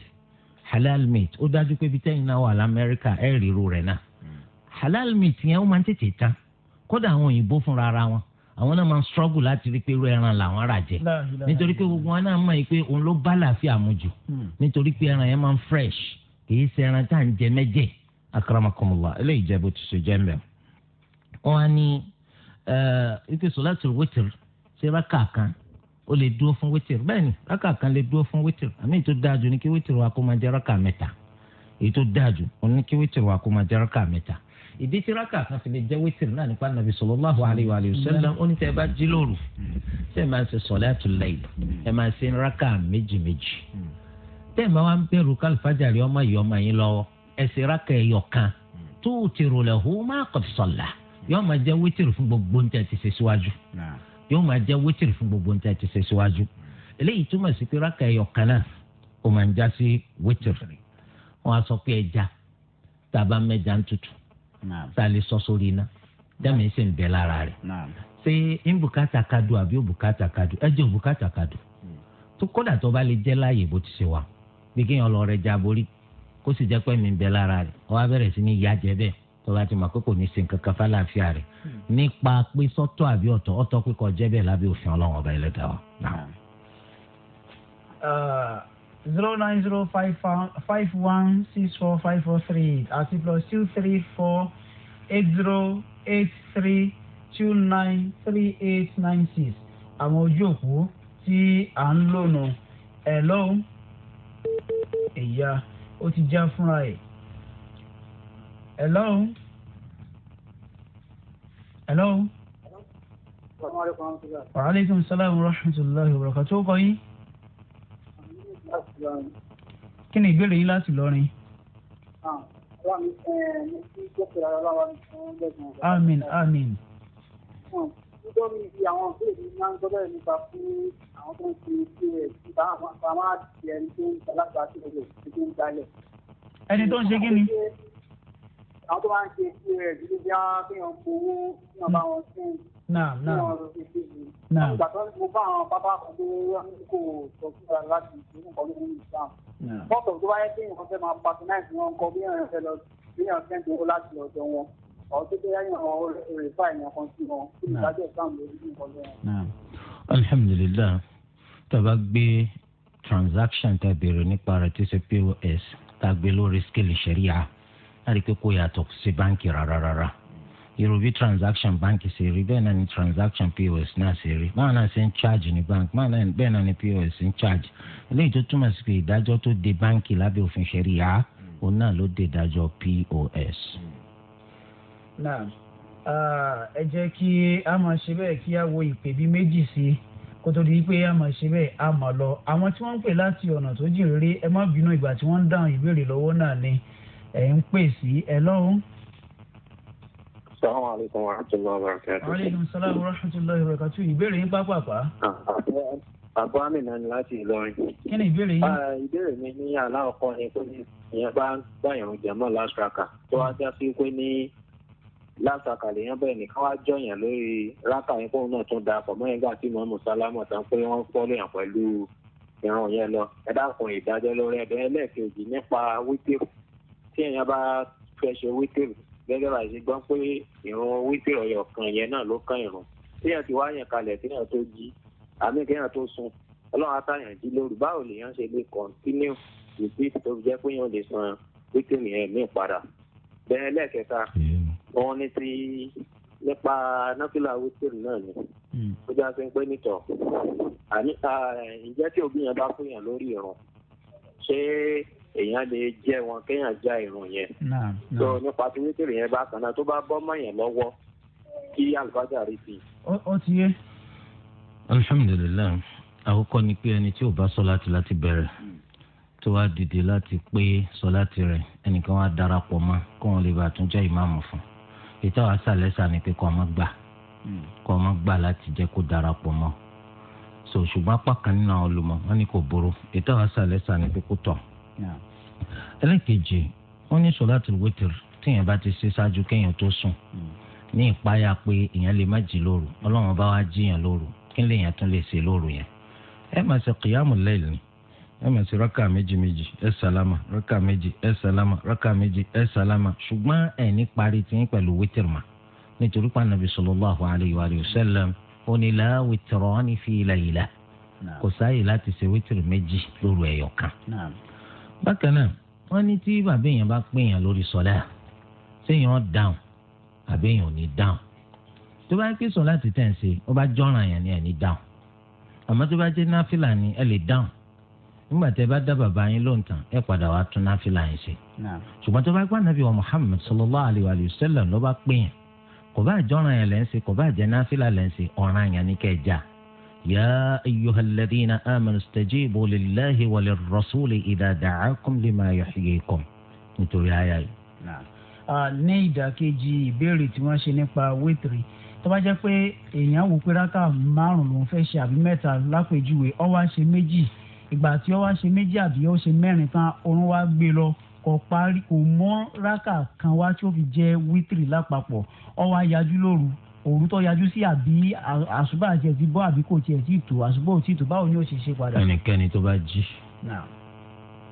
halal meat ó dájú pé bitẹ́yìn náà wà lamẹ́ríkà ẹ̀ ríru rẹ̀ náà hmm. halal meat yẹn ó máa ń tètè tán kódà àwọn òyìnbó fúnra ara wọn àwọn náà máa ń struggle láti rí pé irú ẹran làwọn rà jẹ nítorí pé gbogbo wọn náà mọ̀ yìí pé òun ló bá làáfíà mu hmm. nítorí pé ẹran yẹn máa ń fresh kìí ṣe ẹran tá à ń jẹ mẹ́jẹ̀ akramakumullah eléyìí jẹ́ bó ti ṣe jẹ́ mẹ́rin. wọ́n á ní ike sọláṣí wẹ́tìr ṣe rákà kan ó lè dúró fún wẹ́tìr bẹ́ẹ̀ ni rákà kan lè dúró fún wẹ́tìr àmì ètò dáàjù ní kí wẹ́tìr wa kó máa jẹ́ rákà mẹ́ta ètò dáàjù ní kí wẹ́tìr wa kó máa jẹ́ rákà mẹ́ta ìdí tí rákà kan fi lè jẹ́ wítìrì náà nípa nàbì sallallahu alayhi wa sallam ó ní tẹ́ ẹ bá jí lóru tẹ́ ẹ máa ṣe salatul layl ẹ máa ṣe rákà méjì méjì tẹ́ ẹ máa wá ń bẹ̀rù kálífàjàrí ọmọ yìí ọmọ yín lọ́wọ́ ẹ ṣe rákà ẹyọ kan tuutiru lahu ma qad salla yóò máa jẹ́ yóò máa jẹ́ wítìrì fún gbogbo ń tẹ́ ti ṣe síwájú tá a lè sọ sórí iná dáàmì sì ń bẹ lára rẹ̀ ṣé ń bùkátà kadu àbí òbùkátà kadu ẹ jẹ́ òbùkátà kadu hmm. tó kódà tó bá lè jẹ́ láàyè bó ti ṣe wà bí kéèyàn lọ rẹ jáborí kó sì jẹ́ pé mi ń bẹ lára rẹ̀ ọ wá bẹ̀rẹ̀ sí ní ìyá jẹ bẹ́ẹ̀ tó bá ti mọ̀ pé kò ní sin kankan fáláàfíà rẹ̀ hmm. nípa pé sọ́tọ̀ àbí ọ̀tọ̀ ọ̀tọ̀ pé kò jẹ́ bẹ́ẹ̀ òfin ọlọ́run ọba ẹlẹ́dàá wa. Uh, zero nine zero five five one six four five four three eight àti plus two three four eight zero eight three two nine three eight nine six àwọn ojú òpó tí à ń lò nù ẹ lọ́hùn ìyá ó ti já fúnra ẹ̀ ẹ lọ́hùn ẹ lọ́hùn. wàhálà salaam wa rahmatulahi wa barakatuh kọ́ yín kí ni ìbéèrè yín láti lọrin. àmín àmín. Nígbà mi fi àwọn ìbéèrè mi máa ń nípa fún àwọn tó ń fi POS nípa àwọn àti ẹni tó ń gbà lágbàá tó lè tó ń Ẹni tó ń ṣe kí ni? Àwọn tó máa ń ṣe POS níbi bí Naam naam. Naam. Ìgbà tó ń mo bá àwọn bàbá kan pé kò sọ fúnra láti ìlú nǹkan lórí ìsàn. Fọ́tò tó bá yẹ kí nǹkan fẹ́ máa patronize wọn kọ bí èèyàn fẹ́ lọ bí èèyàn fẹ́ dúró láti ọ̀dọ̀ wọn. Àwọn tó bẹ́yà yàn wọ́n rè fà èèyàn kan sí wọn ìdájọ́ ìsàmù lórí nǹkan lẹ́yìn. Alhamdulilayi, tá a gbé transaction tá a béèrè nípa rẹ̀ tó ṣe POS tá a gbé lórí scale ìṣẹ̀ríyà, láti pé kó yàtọ̀ sí báńkì rárá rárá irú bí transaction bank ṣe rí bẹ́ẹ̀ náà ni transaction pos náà ṣe rí báwọn náà ṣe ń charge ní bank bẹ́ẹ̀ náà ni pos ń charge eléyìí tó túmọ̀ sí pé ìdájọ́ tó de báńkì lábẹ́ òfin ṣẹ̀rí yá òun náà ló de ìdájọ́ pos. náà ẹ jẹ́ kí a máa ṣe bẹ́ẹ̀ kí a wo ìpè bíi méjì sí i kó tó di pé a máa ṣe bẹ́ẹ̀ a máa lọ àwọn tí wọ́n ń pè láti ọ̀nà tó jìn rere ẹ má bínú ìgbà tí wọ́n ń dáhùn ìbéèrè lọ́wọ́ náà ni ẹ̀ ń pè sí ẹ lọ́hùn Assalamu alaikum wa rahmatullahi wa barakatuh. Wa alaikum salaam wa rahmatullahi wa barakatuh. Ìbéèrè yín pápápá. Ah, Àbọ̀ Amina ni láti Ìlọrin. Kí ni ìbéèrè yín? Ah, ìbéèrè mi ní aláwọ̀kọ́ ni pé ìyẹn bá gbàyàn jẹ̀mọ́ last raka tó wá já sí pé ní last raka lèèyàn bẹ̀rẹ̀ nìkan wá jọ̀yàn lórí raka yẹn fóun náà tún da pọ̀ mọ́ ẹgbẹ́ àti mọ́mú sálámù tán pé wọ́n pọ́ lèèyàn pẹ̀lú ìran yẹn lọ. Ẹ dákun ìdájọ́ lórí ẹ̀dọ́ ẹlẹ́ẹ̀kejì nípa wítìrì tí èèyàn bá fẹ́ ṣe wítìrì gẹ́gẹ́ bá ṣe gbọ́ pé ìrun wípé ọ̀yọ̀ kan yẹn náà ló kán ìrun téèyàn ti wá yàn kalẹ̀ téèyàn tó jí àmì kéèyàn tó sùn ọlọ́run atáyàn jí lóru báwo lèèyàn ṣe lè kọ́ntínú ìdí tó jẹ́ pé yàn lè san wípé nìyẹn mí padà bẹ́ẹ̀ lẹ́ẹ̀kẹta wọn ní ti nípa náfìlà wípé náà ni ó já sí pé nítọ̀ àní ǹjẹ́ tí òbí yẹn bá fún yàn lórí ìrun ṣé èèyàn lè jẹ wọn kéèyàn já irun yẹn so nípa tí wítìrì yẹn bá kan náà tó bá bọ́ mọ́ yẹn lọ́wọ́ kí àlùfáàjà rí sí. ó ti yé. alhamdulilayi àkọ́kọ́ ni pé ẹni tí ò bá sọ láti láti bẹ̀rẹ̀ tó wá dìde láti pé sọ láti rẹ̀ ẹnìkan wá darapọ̀ mọ́ kó wọn lè bàtúnjẹ ìmáàmù fún ètò àwọn àṣàlẹ́sà ni pé kọ́ ọmọ gbà hmm. kọ́ ọmọ gbà láti jẹ́ kó darapọ̀ mọ́ so ṣùgbọ́n apá kan nínú àwọn olùmọ̀ wọn ni kò burú ètò àwọn àṣàlẹ́sà ni pé kó tọ̀ ẹlẹ́kejì wọ́n ní sọ̀láàtì wítìrì téèyàn bá ti ṣe ṣáájú kéèyàn tó sùn hmm. ní ìpáyà pé èèyàn lè má jí lóru ọlọ́run bá wá jíyàn lóru kí lèèyàn tún lè ṣe lóru yẹn ẹ máa ṣe kìyàmù lẹ́yìn ni ẹ máa ṣe rákà méjì méjì ẹ sàlámà rákà méjì ẹ sàlámà rákà méjì ẹ sàlámà ṣùgbọ́n ẹ ní parí tiyín pẹ̀lú wítìrì mà nítorí pé Ànábì sallallahu alayhi wa sallam ó ní la witrani fi layla kò sáàyè láti ṣe wítìrì méjì lóru ẹ̀yọ̀ bákan náà wọ́n ní tí bàbá èèyàn bá pè èèyàn lórí sọlá séèyàn dáhùn àbí èèyàn ò ní dáhùn tó bá ké sọlá ti tẹ̀ ń ṣe ó bá jọ́ràn àyàn ni ẹ̀ ní dáhùn àmọ́ tó bá jẹ́ náfìlà ni ẹ lè dáhùn nígbà tẹ́ bá dá bàbá yín lóhùn tán ẹ padà wá tún náfìlà yín ṣe ṣùgbọ́n tó bá gbà nàbí wa Muhammad sallallahu alayhi wa sallam ló bá pè yàn kò bá jọ́ràn àyàn lẹ́ ń ṣe kò bá jẹ́ náfìlà lẹ́ ń ṣe ọ̀ràn àyàn ni kẹ́ يا أيها الذين آمنوا استجيبوا لله وللرسول إذا دعاكم لما يحييكم nítorí àyà yìí. ní ìdàkejì ìbéèrè tí wọ́n ṣe nípa wétìrì tó bá jẹ́ pé èèyàn wò pé rákà márùn-ún ló ń fẹ́ ṣe àbí mẹ́ta lápèjúwe ó wá ṣe méjì ìgbà tí ó wá ṣe méjì àbí ó ṣe mẹ́rin tán oorun wá gbé lọ kò parí kò mọ́ rákà kan wá tí ó fi jẹ́ wétìrì lápapọ̀ ó wá yajú lóru òru tó yájú sí àbí àṣùbà àti ẹ̀tì bọ́ àbí kò tiẹ̀ tí tò àṣùbà ò tí tò báwo ni ó ṣe ṣe padà. ẹnikẹ́ni tó bá jí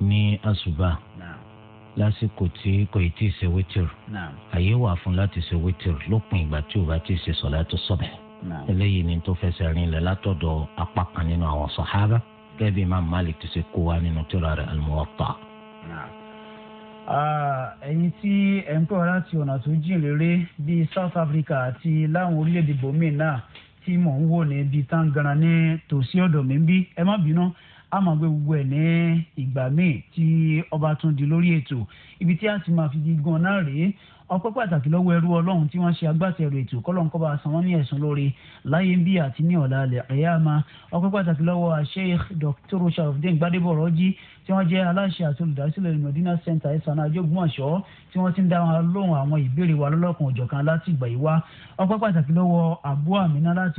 ní àṣùbà lásìkò tí kò tí ì ṣe wítìrì àyè wà fún láti ṣe wítìrì lópin ìgbà tí ò bá ti ṣe sọ̀lá tó sọ̀bẹ̀ eléyìí ni tó fẹsẹ̀ rinlẹ̀ látọ̀dọ̀ apá kan nínú àwọn sàhábà gẹ́gẹ́ bí Imam Malik ti ṣe kó wa nínú tírà rẹ̀ al ẹ̀yin tí ẹ̀ ń pè wá láti ọ̀nà tó jìn réré bíi South Africa àti láwọn orílẹ̀-èdè bòmíì náà tí mò ń wò ní bíi tangana ní tòsí ọ̀dọ̀ mi ń bí ẹ má bínú a máa gbé gbogbo ẹ̀ ní ìgbà míì tí ọba tún di lórí ètò ibi tí a ti máa fi gígan náà rèé ọpẹ́ pàtàkì lọ́wọ́ ẹrú ọlọ́run tí wọ́n ṣe agbátẹrù ètò kọ́lọ́n kọ́ba san wọ́n ní ẹ̀sùn lórí láyé ń bí àti ní ọ̀la al-qiyama ọpẹ́ pàtàkì lọ́wọ́ Sheikh Dr. Sharafdin Gbadebo Rọ́jí tí wọ́n jẹ́ aláṣẹ àti olùdásílẹ̀ Medina Center ìsànà àjọgbọ́nṣọ́ tí wọ́n ti ń dá wọn lóhùn àwọn ìbéèrè wa lọ́lọ́kan òjọ̀kan láti ìgbà yìí wá ọpẹ́ pàtàkì lọ́wọ́ Abu Amina láti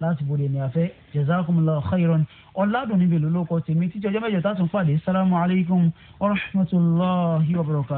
láti bòde ní afẹ́ jazakumullahu khairan ọ̀làdùn níbi ìlú lóko tèmi títí ọjọ́ mẹ́jọ tá a tún pàdé salamu alaykum wa rahmatulahi wa barakatuh.